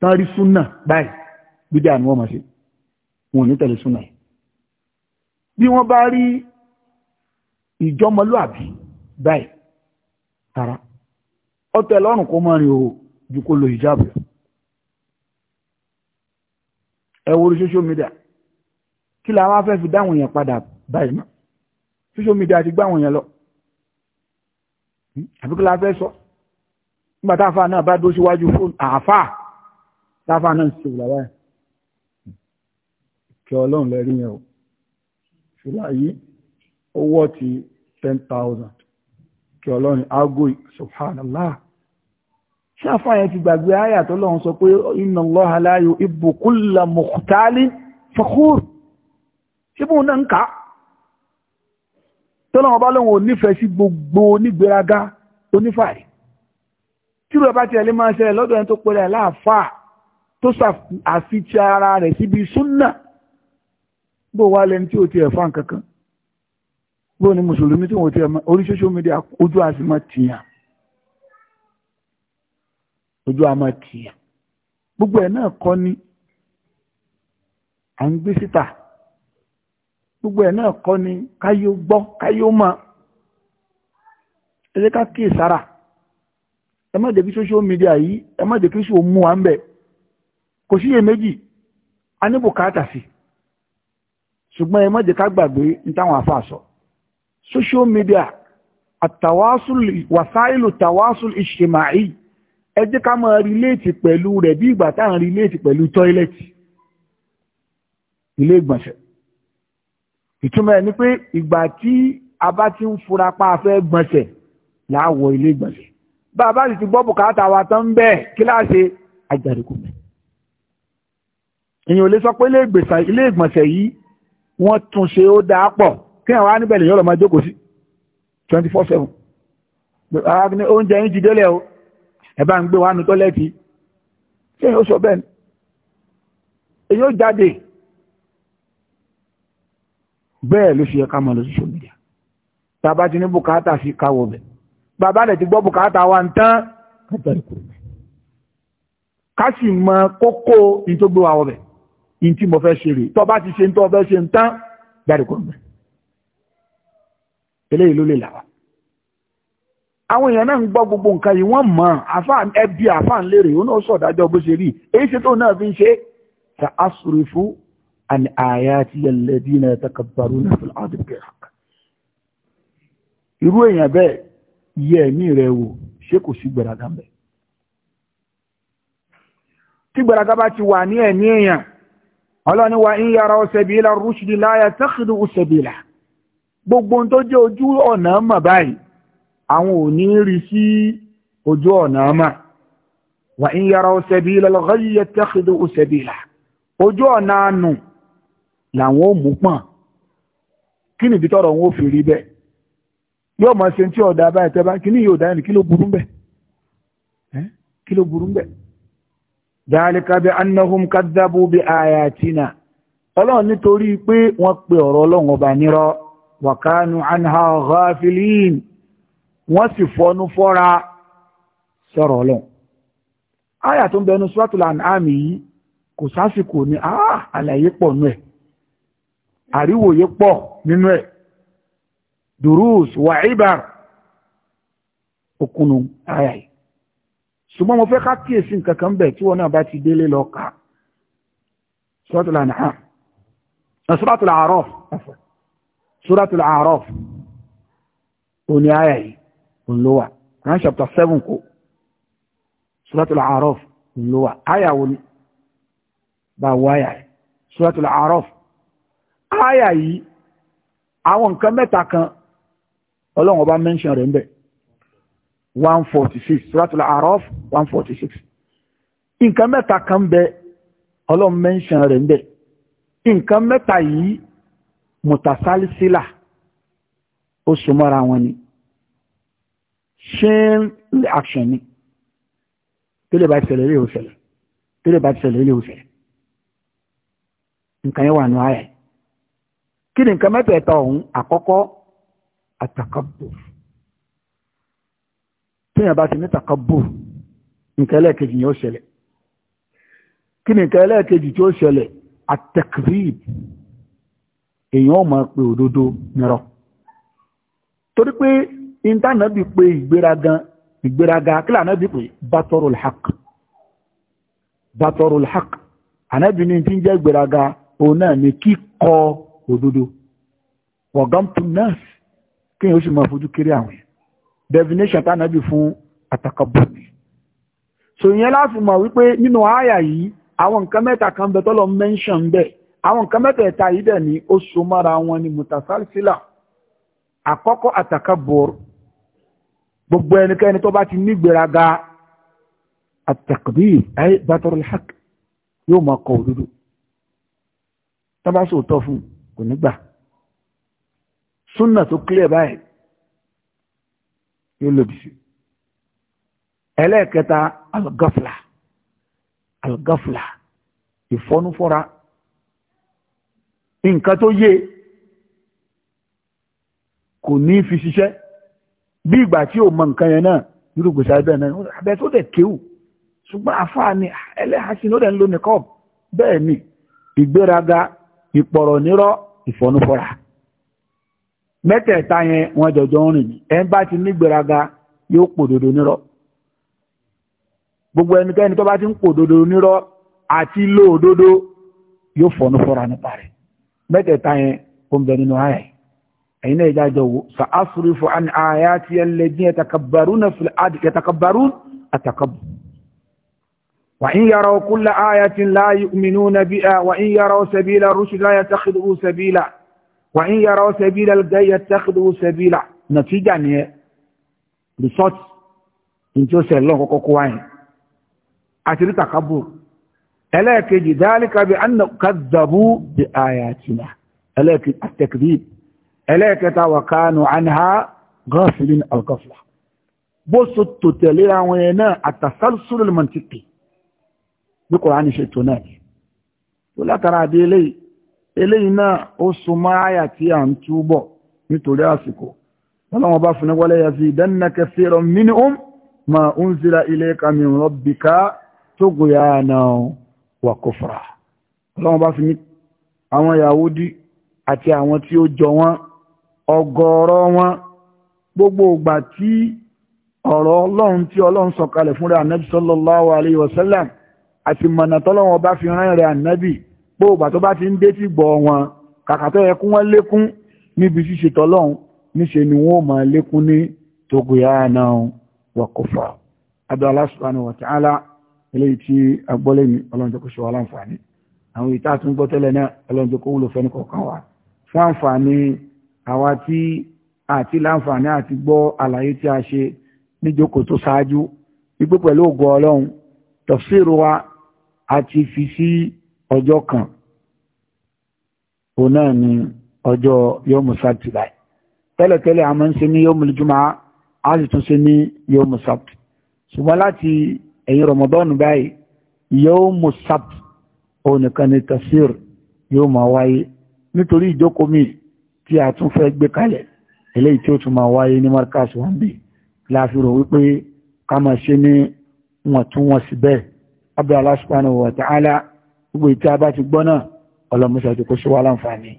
tán rí súnà báyìí gbígbé àmì wọ́n mọ̀ sí wọn ò ní tẹ̀lé súnà bí wọ́n bá rí ìjọmọlúàbí báyìí tara ọtẹ lọ́rùn kó mọ́rin o ju kó lo ìjábọ̀ ẹ wo orí social media kí la wá fẹ́ fi dáhùn yẹn padà báyìí náà social media ti gbá àwọn èèyàn lọ hmm? àbíkú la fẹ́ sọ nígbà táfà náà bá dó síwájú fóònù àáfà táfà náà ti ṣèwò làwáyà hmm. kí ọlọ́run lẹ́rí yẹn o ṣùgbọ́n yìí owó ti ten thousand kí ọlọ́run aago subhanallah ṣé àfààyàn ti gbàgbé àyà tó lọ́run sọ pé inna Allaha la yuhibbu kulla ṣé bóun náà ń kà á tọ́lọ́wọ́n bá lóun ò nífẹ̀ẹ́ sí gbogbo onígbéraga onífàrí tírò bá tiẹ̀ lè máa ṣẹlẹ̀ lọ́dọ̀ ẹni tó pẹ̀lú ẹ̀ láàfáà tó ṣàfihàn ara rẹ̀ síbi súnà bó wá lẹni tí ò tiẹ̀ fáàn kankan bó ni mùsùlùmí tí wọ́n tiẹ̀ orí social media ojú àsìmọ̀ tìyàn ojú àmọ́ tìyàn gbogbo ẹ̀ náà kọ́ ni à ń gbé síta gbogbo ẹ̀ náà kọ́ ni káyó gbọ́ káyó ma ẹ jẹ́ ká kíyè sára ẹ má jẹ́ social media yìí ẹ má jẹ́ kò méjì a ní bùkátà sí ṣùgbọ́n ẹ má jẹ́ gbàgbé ní táwọn afá sọ social media àtàwásùl wàsáìlù tàwásùl ìṣèmáì ẹ jẹ́ ká máa pẹ̀lú rẹ̀ bí ìgbà ìtumọ̀ ẹ̀ ni pé ìgbà tí a bá ti ń fura pa afẹ́ gbọ̀nsẹ̀ láàwọ̀ ilé gbọ̀nsẹ̀ bá a bá sì ti gbọ́ bùkátà wa tán bẹ́ẹ̀ kíláàsì agbẹ̀rẹ̀kù mi. èèyàn ò lè sọ pé ilé ìgbọ̀nsẹ̀ yìí wọ́n tún ṣe ó dáa pọ̀ kí àwọn aníbẹ̀ lè yọ̀rọ̀ máa jókòó sí twenty four seven. oúnjẹ yín ti délẹ̀ o ẹ bá ń gbé wa nu tọ́lẹ́ẹ̀tì ṣé èèyàn ó sọ bẹ́ẹ̀ ni èèyàn ó jáde bẹ́ẹ̀ ló ṣe ká máa lọ social media bàbá ti ní bùkátà sí káwọ́ bẹ̀ bàbá rẹ̀ ti gbọ́ bùkátà wa ń tán kátàrí kúrò bẹ̀ ká sì mọ kókó ní tó gbé wa wọ̀ bẹ̀ ní tí mo fẹ́ ṣe rè tó bá ti ṣe ń tó fẹ́ ṣe ń tán jáde kúrò eléyìí ló lè là wá àwọn èèyàn náà ń gbọ́ gbogbo nǹkan yìí wọ́n mọ̀ àfà ẹbí àfà ń lérè òun náà sọ̀dájọ́ bó ṣe rí èyí ṣe tóun náà fi ń ṣe عن آياتي الذين يتكبرون في الأرض بحق irú èèyàn bẹ́ẹ̀ yẹ ẹ̀mí rẹ̀ wò ṣé kò sí gbẹ̀ràgà bẹ́ẹ̀ tí gbẹ̀ràgà bá ti wà ní ẹ̀mí èèyàn ọlọ́ni wa in yara sabila rushdi la yattakhidhu sabila gbogbo tó jẹ́ ojú ọ̀nà mà báyìí àwọn ò ní rí sí ojú ọ̀nà mà wa in yara sabila al-ghayyi yattakhidhu sabila ojú ọ̀nà nù làwọn ò mú pọ̀n kí nìdí tọrọ wọn ò fi rí bẹ́ẹ̀ yóò máa ṣe tí ọ̀dà báyìí tẹ́ bá kí ní yóò dáyẹ̀ ní kí ló burú bẹ́ẹ̀ kí ló burú bẹ́ẹ̀ dhalika bi annahum kadzabu bi ayatina ọlọ́run nítorí pé wọ́n pe ọ̀rọ̀ ọlọ́run ọba nírọ́ wa anha ghafilin wọ́n sì fọnú fọ́ra sọ̀rọ̀ ọlọ́run áyà tó ń bẹnu suratul an'am yìí kò sásìkò ní ah, àlàyé pọ̀ nù ẹ̀ àríwòye pọ̀ nínú ẹ̀ durus wa'ibar okunu ara ẹ̀ ṣùgbọ́n mo fẹ́ ká kíyèsí nǹkan kan bẹ̀ tí wọ́n náà bá ti délé lọ kà suratul an'am eh, suratul a'raf suratul a'raf òní ara ẹ̀ òǹlówà Quran chapter 7 kò suratul a'raf òǹlówà ayàwó ni bá wọ ayà ẹ̀ suratul a'raf áyà yìí àwọn nǹkan mẹ́ta kan ọlọ́run ọba mention rẹ̀ ń bẹ̀ 146 suratul araf 146 nǹkan mẹ́ta kan bẹ ọlọ́run mention rẹ̀ ń bẹ̀ nǹkan mẹ́ta yìí mutasalisila ó súnmọ́ra wọn ni chain reaction ni tẹ́lẹ̀ bá ṣẹlẹ̀ ilé òṣẹlẹ̀ tẹ́lẹ̀ bá ṣẹlẹ̀ ilé òṣẹlẹ̀ nǹkan yẹn wà nù ayẹ̀ kí ni nǹkan mẹ́tẹ̀ẹ̀ta ọ̀hún àkọ́kọ́ àtàkọ́bù tíyàn bá ti ní tàkọ́bù nǹkan ẹlẹ́ẹ̀kejì yóò ṣẹlẹ̀ kí ni nǹkan ẹlẹ́ẹ̀kejì tí ó ṣẹlẹ̀ àtẹ̀kìrìb èèyàn ó máa pe òdodo torí pé pé ìgbéraga ìgbéraga bí pé haq haq ti ń ìgbéraga òun náà ni òdodo wọ̀gámtún náà kéèyàn ó sì máa fojú kéré àwìn definition tánàbí fún àtàkàbùnì so ìyẹn láti mọ̀ wípé nínú àyà yìí àwọn nǹkan mẹ́ta kan bẹ tọ́lọ mention bẹ́ àwọn nǹkan mẹ́ta ẹ̀ta yìí dẹ̀ ní ó so mára wọn ni mutasalsila àkọ́kọ́ àtàkàbùr gbogbo ẹnikẹ́ni tó bá ti nígbéraga àtàkàbìr ayé bàtọ́rọ̀ hàk yóò máa kọ òdodo tó bá fún un kò ní gbà súnà tó clear báyìí yóò lòdì sí ẹlẹ́ẹ̀kẹta algafla algafla ìfọ́núfọ́ra nǹkan tó yé kò ní fi ṣiṣẹ́ bí ìgbà tí ò mọ nǹkan yẹn náà yóò gbèsè abẹ́ náà abẹ́ tó dẹ̀ kéwù ṣùgbọ́n àfáà ni ẹlẹ́hàṣin ló dẹ̀ ń lo nìkọ́ bẹ́ẹ̀ ni ìgbéraga ìpọ̀rọ̀ nírọ́ ìfọnúfọ́ra mẹ́tẹ̀ẹ̀ta yẹn wọ́n jọjọ ń rìn ẹ bá ti nígbèraga yóò pòdodo nírọ́ gbogbo ẹnikẹ́ni tó bá ti ń pòdodo nírọ́ àti lò yóò fọnúfọ́ra nípa rẹ̀ mẹ́tẹ̀ẹ̀ta yẹn ó ń bẹ nínú ẹ̀yin náà wo وإن يروا كل آية لا يؤمنون بها وإن يروا سبيل الرشد لا يتخذوا سبيلا وإن يروا سبيل الغي يتخذوا سبيلا نتيجة نية لصوت انتو سيلون كوكو كوين أتري تقبور ألا يكي ذلك بأن كذبوا بآياتنا ألا يكي التكذيب ألا يكي وكانوا عنها غافلين القفلة بصوت تتليل وينا التسلسل المنطقي bí kòránì ṣe tó náà tó látara àdé eléyìí eléyìí náà ó so mọ́ àyà tí à ń túbọ̀ nítorí àsìkò ọlọ́wọ́n bá fún wọlé yazidanna kathiran minhum ma unzila ilayka min rabbika tughyaana wa kufra ọlọ́wọ́n bá fún àwọn Yahudi àti àwọn tí ó jọ wọn ọ̀gọ̀ọ̀rọ̀ wọn gbogbo ìgbà tí ọ̀rọ̀ ọlọ́run tí ọlọ́run sọ̀kalẹ̀ fúnra Ànábì sallallahu alayhi wa sallam àti mọ̀nà tọ́lọ́wọ́n bá fi rán rẹ̀ ànábì pé ògbà tó bá ti ń dé tí gbọ́ wọn kàkà tó wọ́n lékún níbi ṣíṣe tọ́lọ́hún níṣe ni wọ́n máa lékún ní togoyana wa kufra adọ́ Allah subhanahu wa ta'ala eléyìí tí agbọ́lẹ̀ mi ọlọ́njẹ́ kó ṣe wà láǹfààní àwọn ìta tún gbọ́ tẹ́lẹ̀ náà ọlọ́njẹ́ kó wúlò fẹ́ni pẹ̀lú ògo ọlọ́run tafsir wa a ti fi sí ọjọ́ kan òun náà ni ọjọ́ yọmù sábtì báyìí tẹ́lẹ̀tẹ́lẹ̀ a máa ń ṣe ní yọmù jùmọ̀ a sì tún ṣe ní yọmù sábtì ṣùgbọ́n láti ẹ̀yìn rọmọdọ́nù báyìí yọmù sábtì òun nìkan ni tafsir yóò máa wáyé nítorí ìjókòó mi tí a tún fẹ́ gbé kalẹ̀ eléyìí tí ó tún máa wáyé ní markas wambi láàfihàn wípé ká máa ṣe ní wọ̀ntúnwọ̀nsì bẹ́ẹ̀ abdul allah subhanahu wa ta'ala gbogbo ìta bá ti gbọ́ náà ọlọ́mọṣẹ́ ti kó sí láǹfààní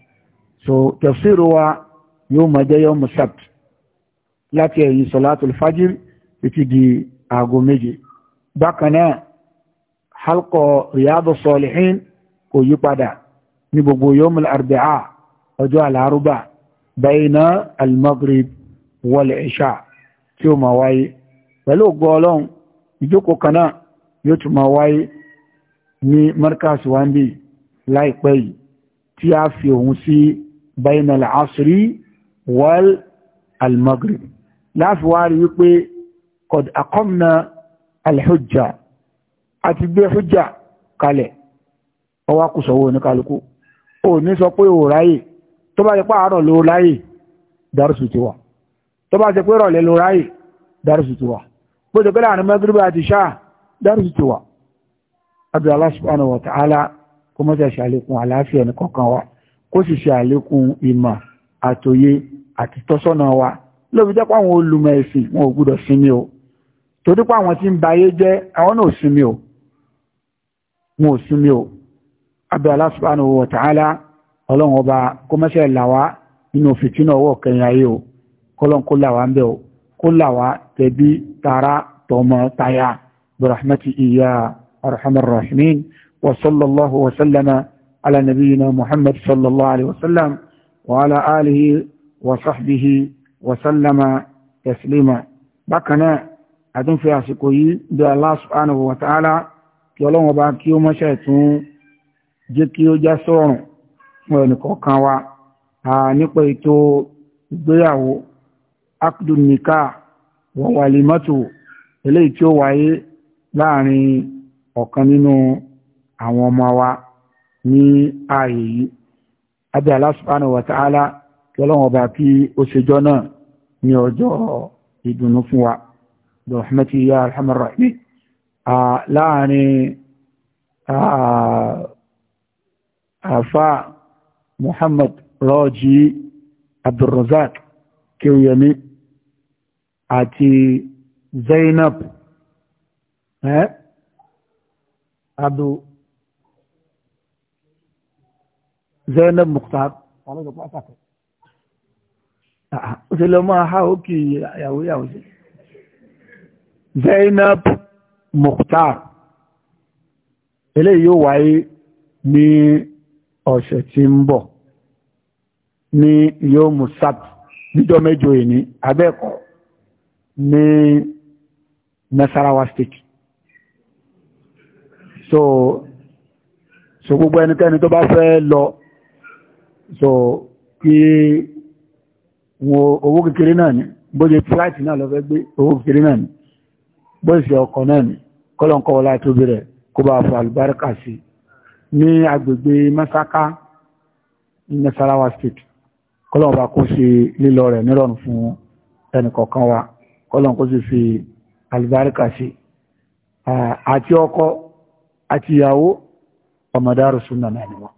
so tafsir wa yóò máa jẹ́ yọ́mù sabt láti ẹ̀yìn sọ̀látùl fajr títí di aago méje bákan náà halkọ̀ riyadu salihin kò yí padà ní gbogbo yọ́mù arba'a ọjọ́ alárúbà bayna al-maghrib wal tí ó máa wáyé pẹ̀lú ògbọ́ ọlọ́run ìjókòó kan náà yóò tún máa wáyé ní markas wambi láìpẹ́ yìí tí a fi òun sí bainal asri wal almagrib láàfi wá rí wípé qad aqamna alhujja àti gbé hujja kalẹ̀ ọwá kù sọ́wọ́ oníkálukú ò ní sọ pé ò ráyè tó bá jẹ́ pé àárọ̀ ló ráyè dárùsù ti wà tó bá jẹ́ pé rọ̀lẹ́ ló ráyè dárùsù ti wà bó pé láàrin mẹ́gírígbà àti ṣáà dárí jù wá àbí Allah subhanahu wa ta'ala kó mọ́ ṣe àlékún àlàáfíà ní kọ̀ọ̀kan wa kó sì ṣe àlékún ìmọ̀ àtòyé àti tọ́sọ́nà wa lóbi jẹ́ pé àwọn olùmọ̀ ẹ̀sìn wọn ò gbúdọ̀ sinmi o tori pé àwọn ti ń ba ayé jẹ́ àwọn o ò sinmi o wọn ò sinmi o àbí Allah subhanahu wa ta'ala ọba kó mọ́ ṣe làwá nínú fìtínà ọwọ́ kẹyìn ayé o kọ́lọ́n kó làwá ń bẹ̀ o kó lawa tẹ̀bí tara tọmọ taya. برحمته يا أرحم الراحمين وصلى الله وسلم على نبينا محمد صلى الله عليه وسلم وعلى آله وصحبه وسلم تسليما بكنا أدن في عسكوي بالله سبحانه وتعالى يولون وباكيو مشاهدون جكيو جاسون ونكوكان وا نقويتو ìgbéyàwó akdun nikah wọ̀wàlímọ́tò eléyìí tí ó wáyé láàrin ọ̀kan nínú àwọn ọmọ wa ní ààyè yìí abẹ́ Allah subhanahu wa ta'ala kí ọlọ́run ọba kí ó ṣejọ́ náà ní ọjọ́ ìdùnnú fún wa rahmatu ya arhamar láàrin àfà Muhammad Raji Abdulrazak Kiryami àti Zainab ẹ́ ado Zainab Mukhtar wọn lọ́dọ̀ pàtàkì ó ṣe lọ máa há òkè ìyàwó ìyàwó sí Zainab Mukhtar eléyìí yóò wáyé ní ọ̀sẹ̀ tí ń bọ̀ ní yóò mú sábà Nasarawa state so so gbogbo ẹnikẹ́ni tó bá fẹ́ lọ so kí wọn owó kékeré náà ni bóyẹ flight náà lọ fẹ́ gbé owó kékeré náà ni bóyẹ ọkọ̀ náà ni kọ́lọ̀nkọ́ wọlá tóbi rẹ̀ kó bá fà àlùbáríkà sí ní agbègbè Masaka Nasarawa state kọ́lọ̀n bá kó ṣe lílọ rẹ̀ nírọ̀rùn fún ẹnìkọ̀ọ̀kan wa kọ́lọ̀n kó sì fi àlùbáríkà sí àti ọkọ̀ àti ìyàwó ọmọdára súnà náà ni wọ́n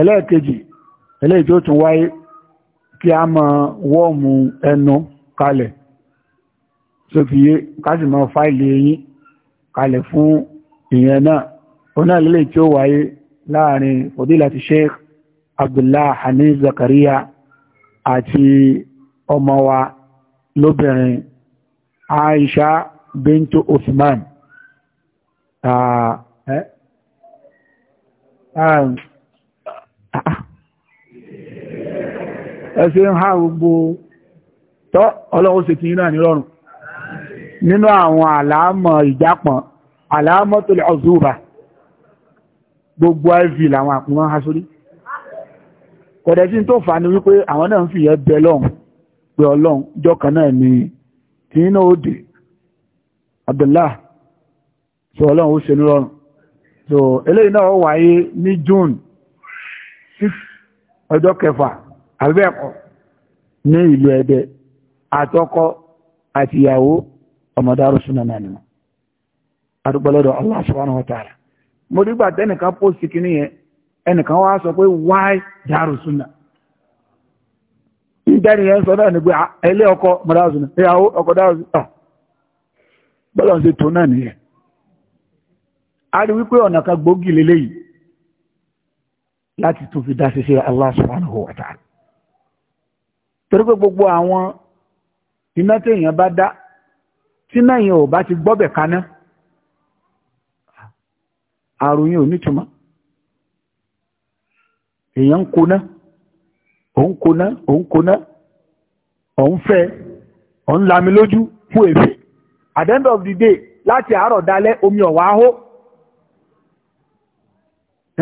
ẹlẹ́ẹ̀kejì ẹlẹ́ẹ̀kejì ó tún wáyé kí a máa wọ́ọ̀mù ẹnu kalẹ̀ sófìyé kásì máa fáìlì eyín kalẹ̀ fún ìyẹn náà oná lílé tí ó wáyé láàrin fòdílàti Sheikh Abdullah Hanif Zakaria àti ọmọ wa lóbìnrin Aisha bintu Uthman Ah, eh? ah, ah. ẹ̀ṣẹ́ ń ha gbogbo tọ́ ọlọ́run ṣe ti yínà nírọ̀rùn nínú àwọn àlàámọ̀ ìjápọ̀n àlàámọ̀ tó lè ọ̀zúbà gbogbo ẹ̀fì làwọn àpùnmọ́ ha sórí kọ̀dẹ̀ tí tó fà ní wípé àwọn náà ń fi yẹn bẹ lọ́hùn pé ọlọ́run jọ́kan náà ni tí yínà ó dé Abdullah so ọlọ́run ó ṣe ní rọrùn so eléyìí náà ó wáyé ní June 6 ọjọ́ kẹfà àbẹ́ẹ̀kọ́ ní ìlú Ẹdẹ àtọkọ àti ìyàwó ọmọdáró súnà náà nìmọ̀ adúgbọ́lọ́dọ̀ Allah ah, ah, bọ́lọ̀ ń tó náà nìyẹn a rí wípé ọ̀nà kan gbòógì lélẹ́yìí láti tún fi dá sí ṣe Allah subhanahu wa ta'ala torí pé gbogbo àwọn iná téèyàn bá dá tíná yẹn ò bá ti gbọ́bẹ̀ kaná àrùn ò nítumọ̀ èèyàn ń koná òun koná òun koná òun fẹ́ òun lami lójú fún èfè at the end of the day láti àárọ̀ dalẹ́ omi ọ̀wá hó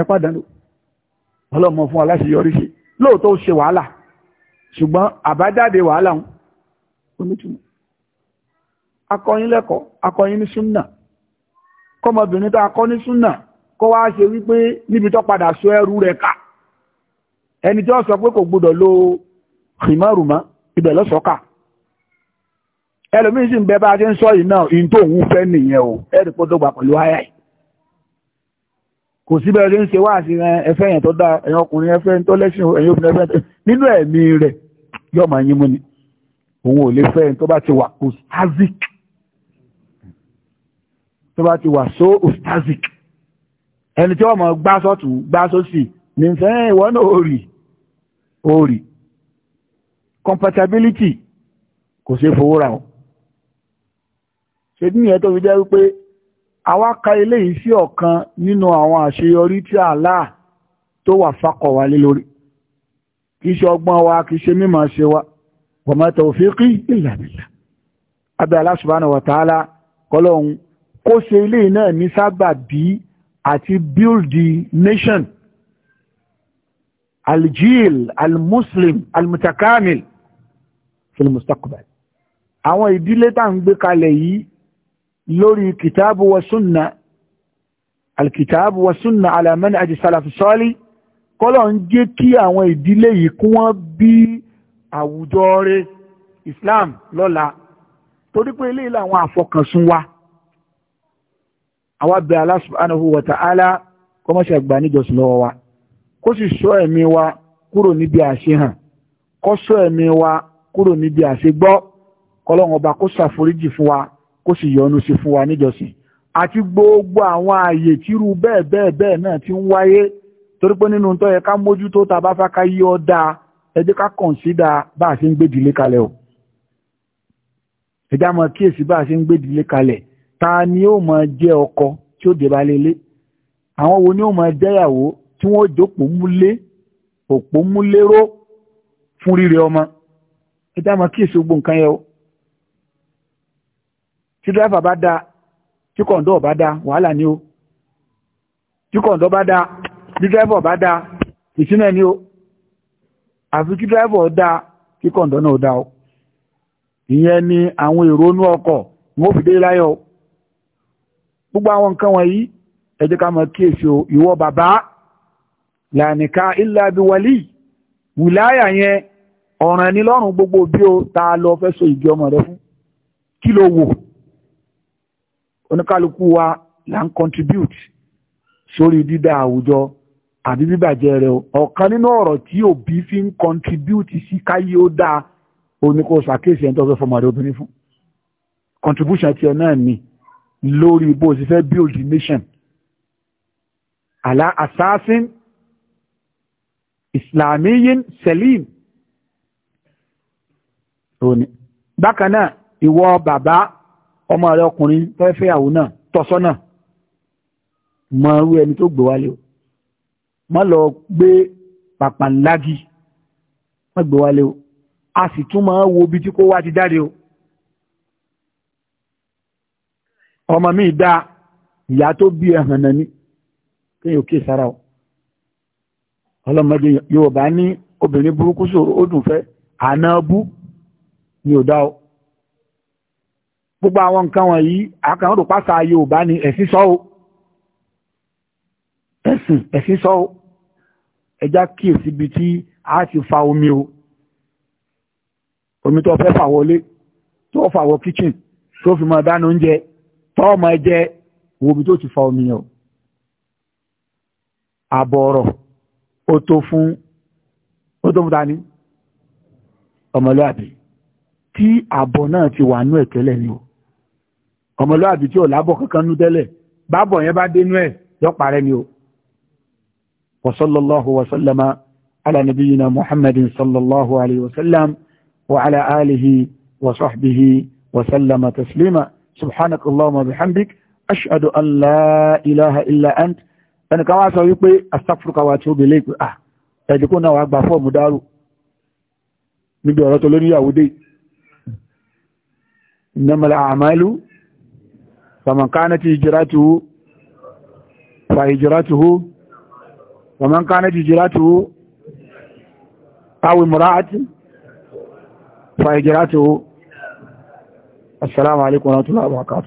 ẹpá dánú ọlọ́mọ fún aláṣeyọrí ṣe lóòótọ́ ó ṣe wàhálà ṣùgbọ́n àbájáde wàhálà ń onítùmọ̀ akọyin lẹ́kọ̀ọ́ akọyin ní súnà kọmọbìnrin tó akọ ní súnà kó wá ṣe wípé níbi tó padà sọ ẹrú rẹ̀ ká ẹni tí wọ́n sọ pé kò gbọdọ̀ lo ìmọ̀rù mọ́ ibẹ̀ lọ́sọ̀ọ́kà ẹlòmíín sì ń bẹ bá a ṣe ń sọ yìí náà ìyìn tó òun fẹ́ nìyẹn o ẹ̀rì pọ́dọ́gba pẹ̀lú ayáyìí kò sí bẹ́ẹ̀ ń ṣe wá sí ẹfẹ́ yẹn tó dá ẹ̀yàn ọkùnrin ẹfẹ́ tó lẹ́sìn ẹ̀yàn obìnrin ẹfẹ́ nínú ẹ̀mí rẹ̀ yóò máa yín mú ni òun ò lè fẹ́ tó bá ti wà ustazik tó bá ti wà so ustazik ẹni tí wọ́n mọ̀ gbá sọ́tún gbá sósì ní fẹ́ ìwọ náà ó rì ó rì compatibility kò ṣe fowó ra o ṣe ní ẹ̀ tó fi jẹ́ wípé àwa ka eléyìí sí ọ̀kan nínú àwọn àṣeyọrí tí Allah tó wà fakọ̀ wa lé lórí kì í ṣe ọgbọ́n wa kì í ṣe mímọ̀ ṣe wa wa ma tawfiqi illa billah abẹ́ Allah subhanahu kọlọ́hún kó ṣe eléyìí náà ní sábàbí àti build the nation aljil almuslim almutakamil fil mustaqbal àwọn ìdílé tá ń gbé kalẹ̀ yìí lórí kìtàbù wa súnà alkìtàbù wa súnà ala manhaji salafi sọ́lí kọ́lọ̀ ń jẹ́ kí àwọn ìdílé yìí kún wọ́n bí àwùjọ rẹ̀ islam lọ́la torí pé ilé ìlànà àfọkànsún wa àwa bẹ̀ Allah subhanahu wa ta'ala kọ́mọ́ṣẹ́ àgbà níjọsìn lọ́wọ́ wa kó sì ṣọ́ ẹ̀mí wa kúrò níbi àṣehàn kó ṣọ́ ẹ̀mí wa kúrò níbi àṣegbọ́ kọ́lọ́run ọba kó ṣàforíjì fún wa kó sì yọ́nú sí fún wa níjọsìn àti gbogbo àwọn ààyè tírú bẹ́ẹ̀ bẹ́ẹ̀ bẹ́ẹ̀ náà ti ń wáyé torí pé nínú tó yẹ ká mójútó ta bá fẹ́ ká yí ọ dáa ẹ jẹ́ ká kọ̀ǹsídà bá a ṣe ń gbèdìlé kalẹ̀ o ẹ já mọ kíyèsí bá a ṣe ń gbèdìlé kalẹ̀ ta ni ó mọ jẹ́ ọkọ tí ó débá lélé àwọn wo ni ó mọ jẹ́yàwó tí wọ́n jókòó múlé òpó múléró fún rírẹ ọmọ ẹ já kíyèsí gbogbo nǹkan yẹn o tí dráìfà bá da tí kọ̀ǹdọ́ bá da wàhálà ni o tí kọ̀ǹdọ́ bá da tí dráìfà bá da ìṣúná ni o àfi kí dráìfà da kí kọ̀ǹdọ́ náà da o ìyẹn ni àwọn èrò inú ọkọ̀ wọn ò fi dé láyọ̀ o gbogbo àwọn nǹkan wọ̀nyí ẹ jẹ́ ká mọ̀ kíyèsí o ìwọ bàbá lànìká ilẹ̀ abiwọlì wùláyà yẹn ọ̀ràn ni lọ́rùn gbogbo bí o ta lọ fẹ́ so ìgbé ọmọ rẹ fún kí ló wò oníkálukú wa là ń contribute sórí dídá àwùjọ àbí bíbàjẹ́ rẹ̀ ọ̀kan nínú ọ̀rọ̀ tí òbí fi ń contribute sí káyé ó dáa òní kò ṣàkíyèsí ẹni tó fẹ́ fọmọ rẹ̀ obìnrin fún contribution tiẹ̀ náà ni lórí bó o sì fẹ́ build the nation àlá assassin islamiyin selim òní bákan náà ìwọ bàbá ọmọ rẹ ọkùnrin fẹ́fẹ́ ìyàwó náà tọ́sọ́nà mọ irú ẹni tó gbé wálé o má lọ gbé pàpà ńlági má gbé wálé o a sì tún máa wo ibi tí kó wá ti dáre o ọmọ mi dá ìyá tó bí ẹ̀hàn náà ní kéèyàn òkè sára o ọlọ́mọdé Yorùbá ní obìnrin burúkú sòrò ó dùn fẹ́ àná bú ni ò dá o gbogbo àwọn nǹkan wọ̀nyí àkàwọn tó pàṣà Yorùbá ni ẹ̀sìn sọ o ẹ̀sìn ẹ̀sìn sọ o ẹja kíyèsí ibi tí a ti fa omi o omi tó fẹ́ fà wọlé tó fà wọ kitchen tó fi máa dáná oúnjẹ tó máa jẹ wo tó ti fa omi o àbọ̀ ó tó fún ó tó fún ta ni ọmọlúwàbí tí àbọ̀ náà ti wà nú ẹ̀tẹ́lẹ̀ ni o ọmọlúwàbí tí ò lábọ̀ kankan nú tẹ́lẹ̀ bábọ̀ yẹn bá dénú ẹ̀ yọpa rẹ ni o wasallallahu wasallama ala nabiyyina muhammadin sallallahu alayhi wasallam wa ala alihi wa sahbihi wasallama taslima subhanaka allahumma bihamdik ashhadu an la ilaha illa ant ẹni ká wá sọ wípé astaghfiruka wa atubu ilayk pé ah ẹ̀dínkù náà wàá gba fọ́ọ̀mù dárò níbi ọ̀rọ̀ tó lóníyàwó dé innamal a'malu فمن كانت هجرته فهجرته ومن كانت هجرته أو امرأة فهجرته السلام عليكم ورحمة الله وبركاته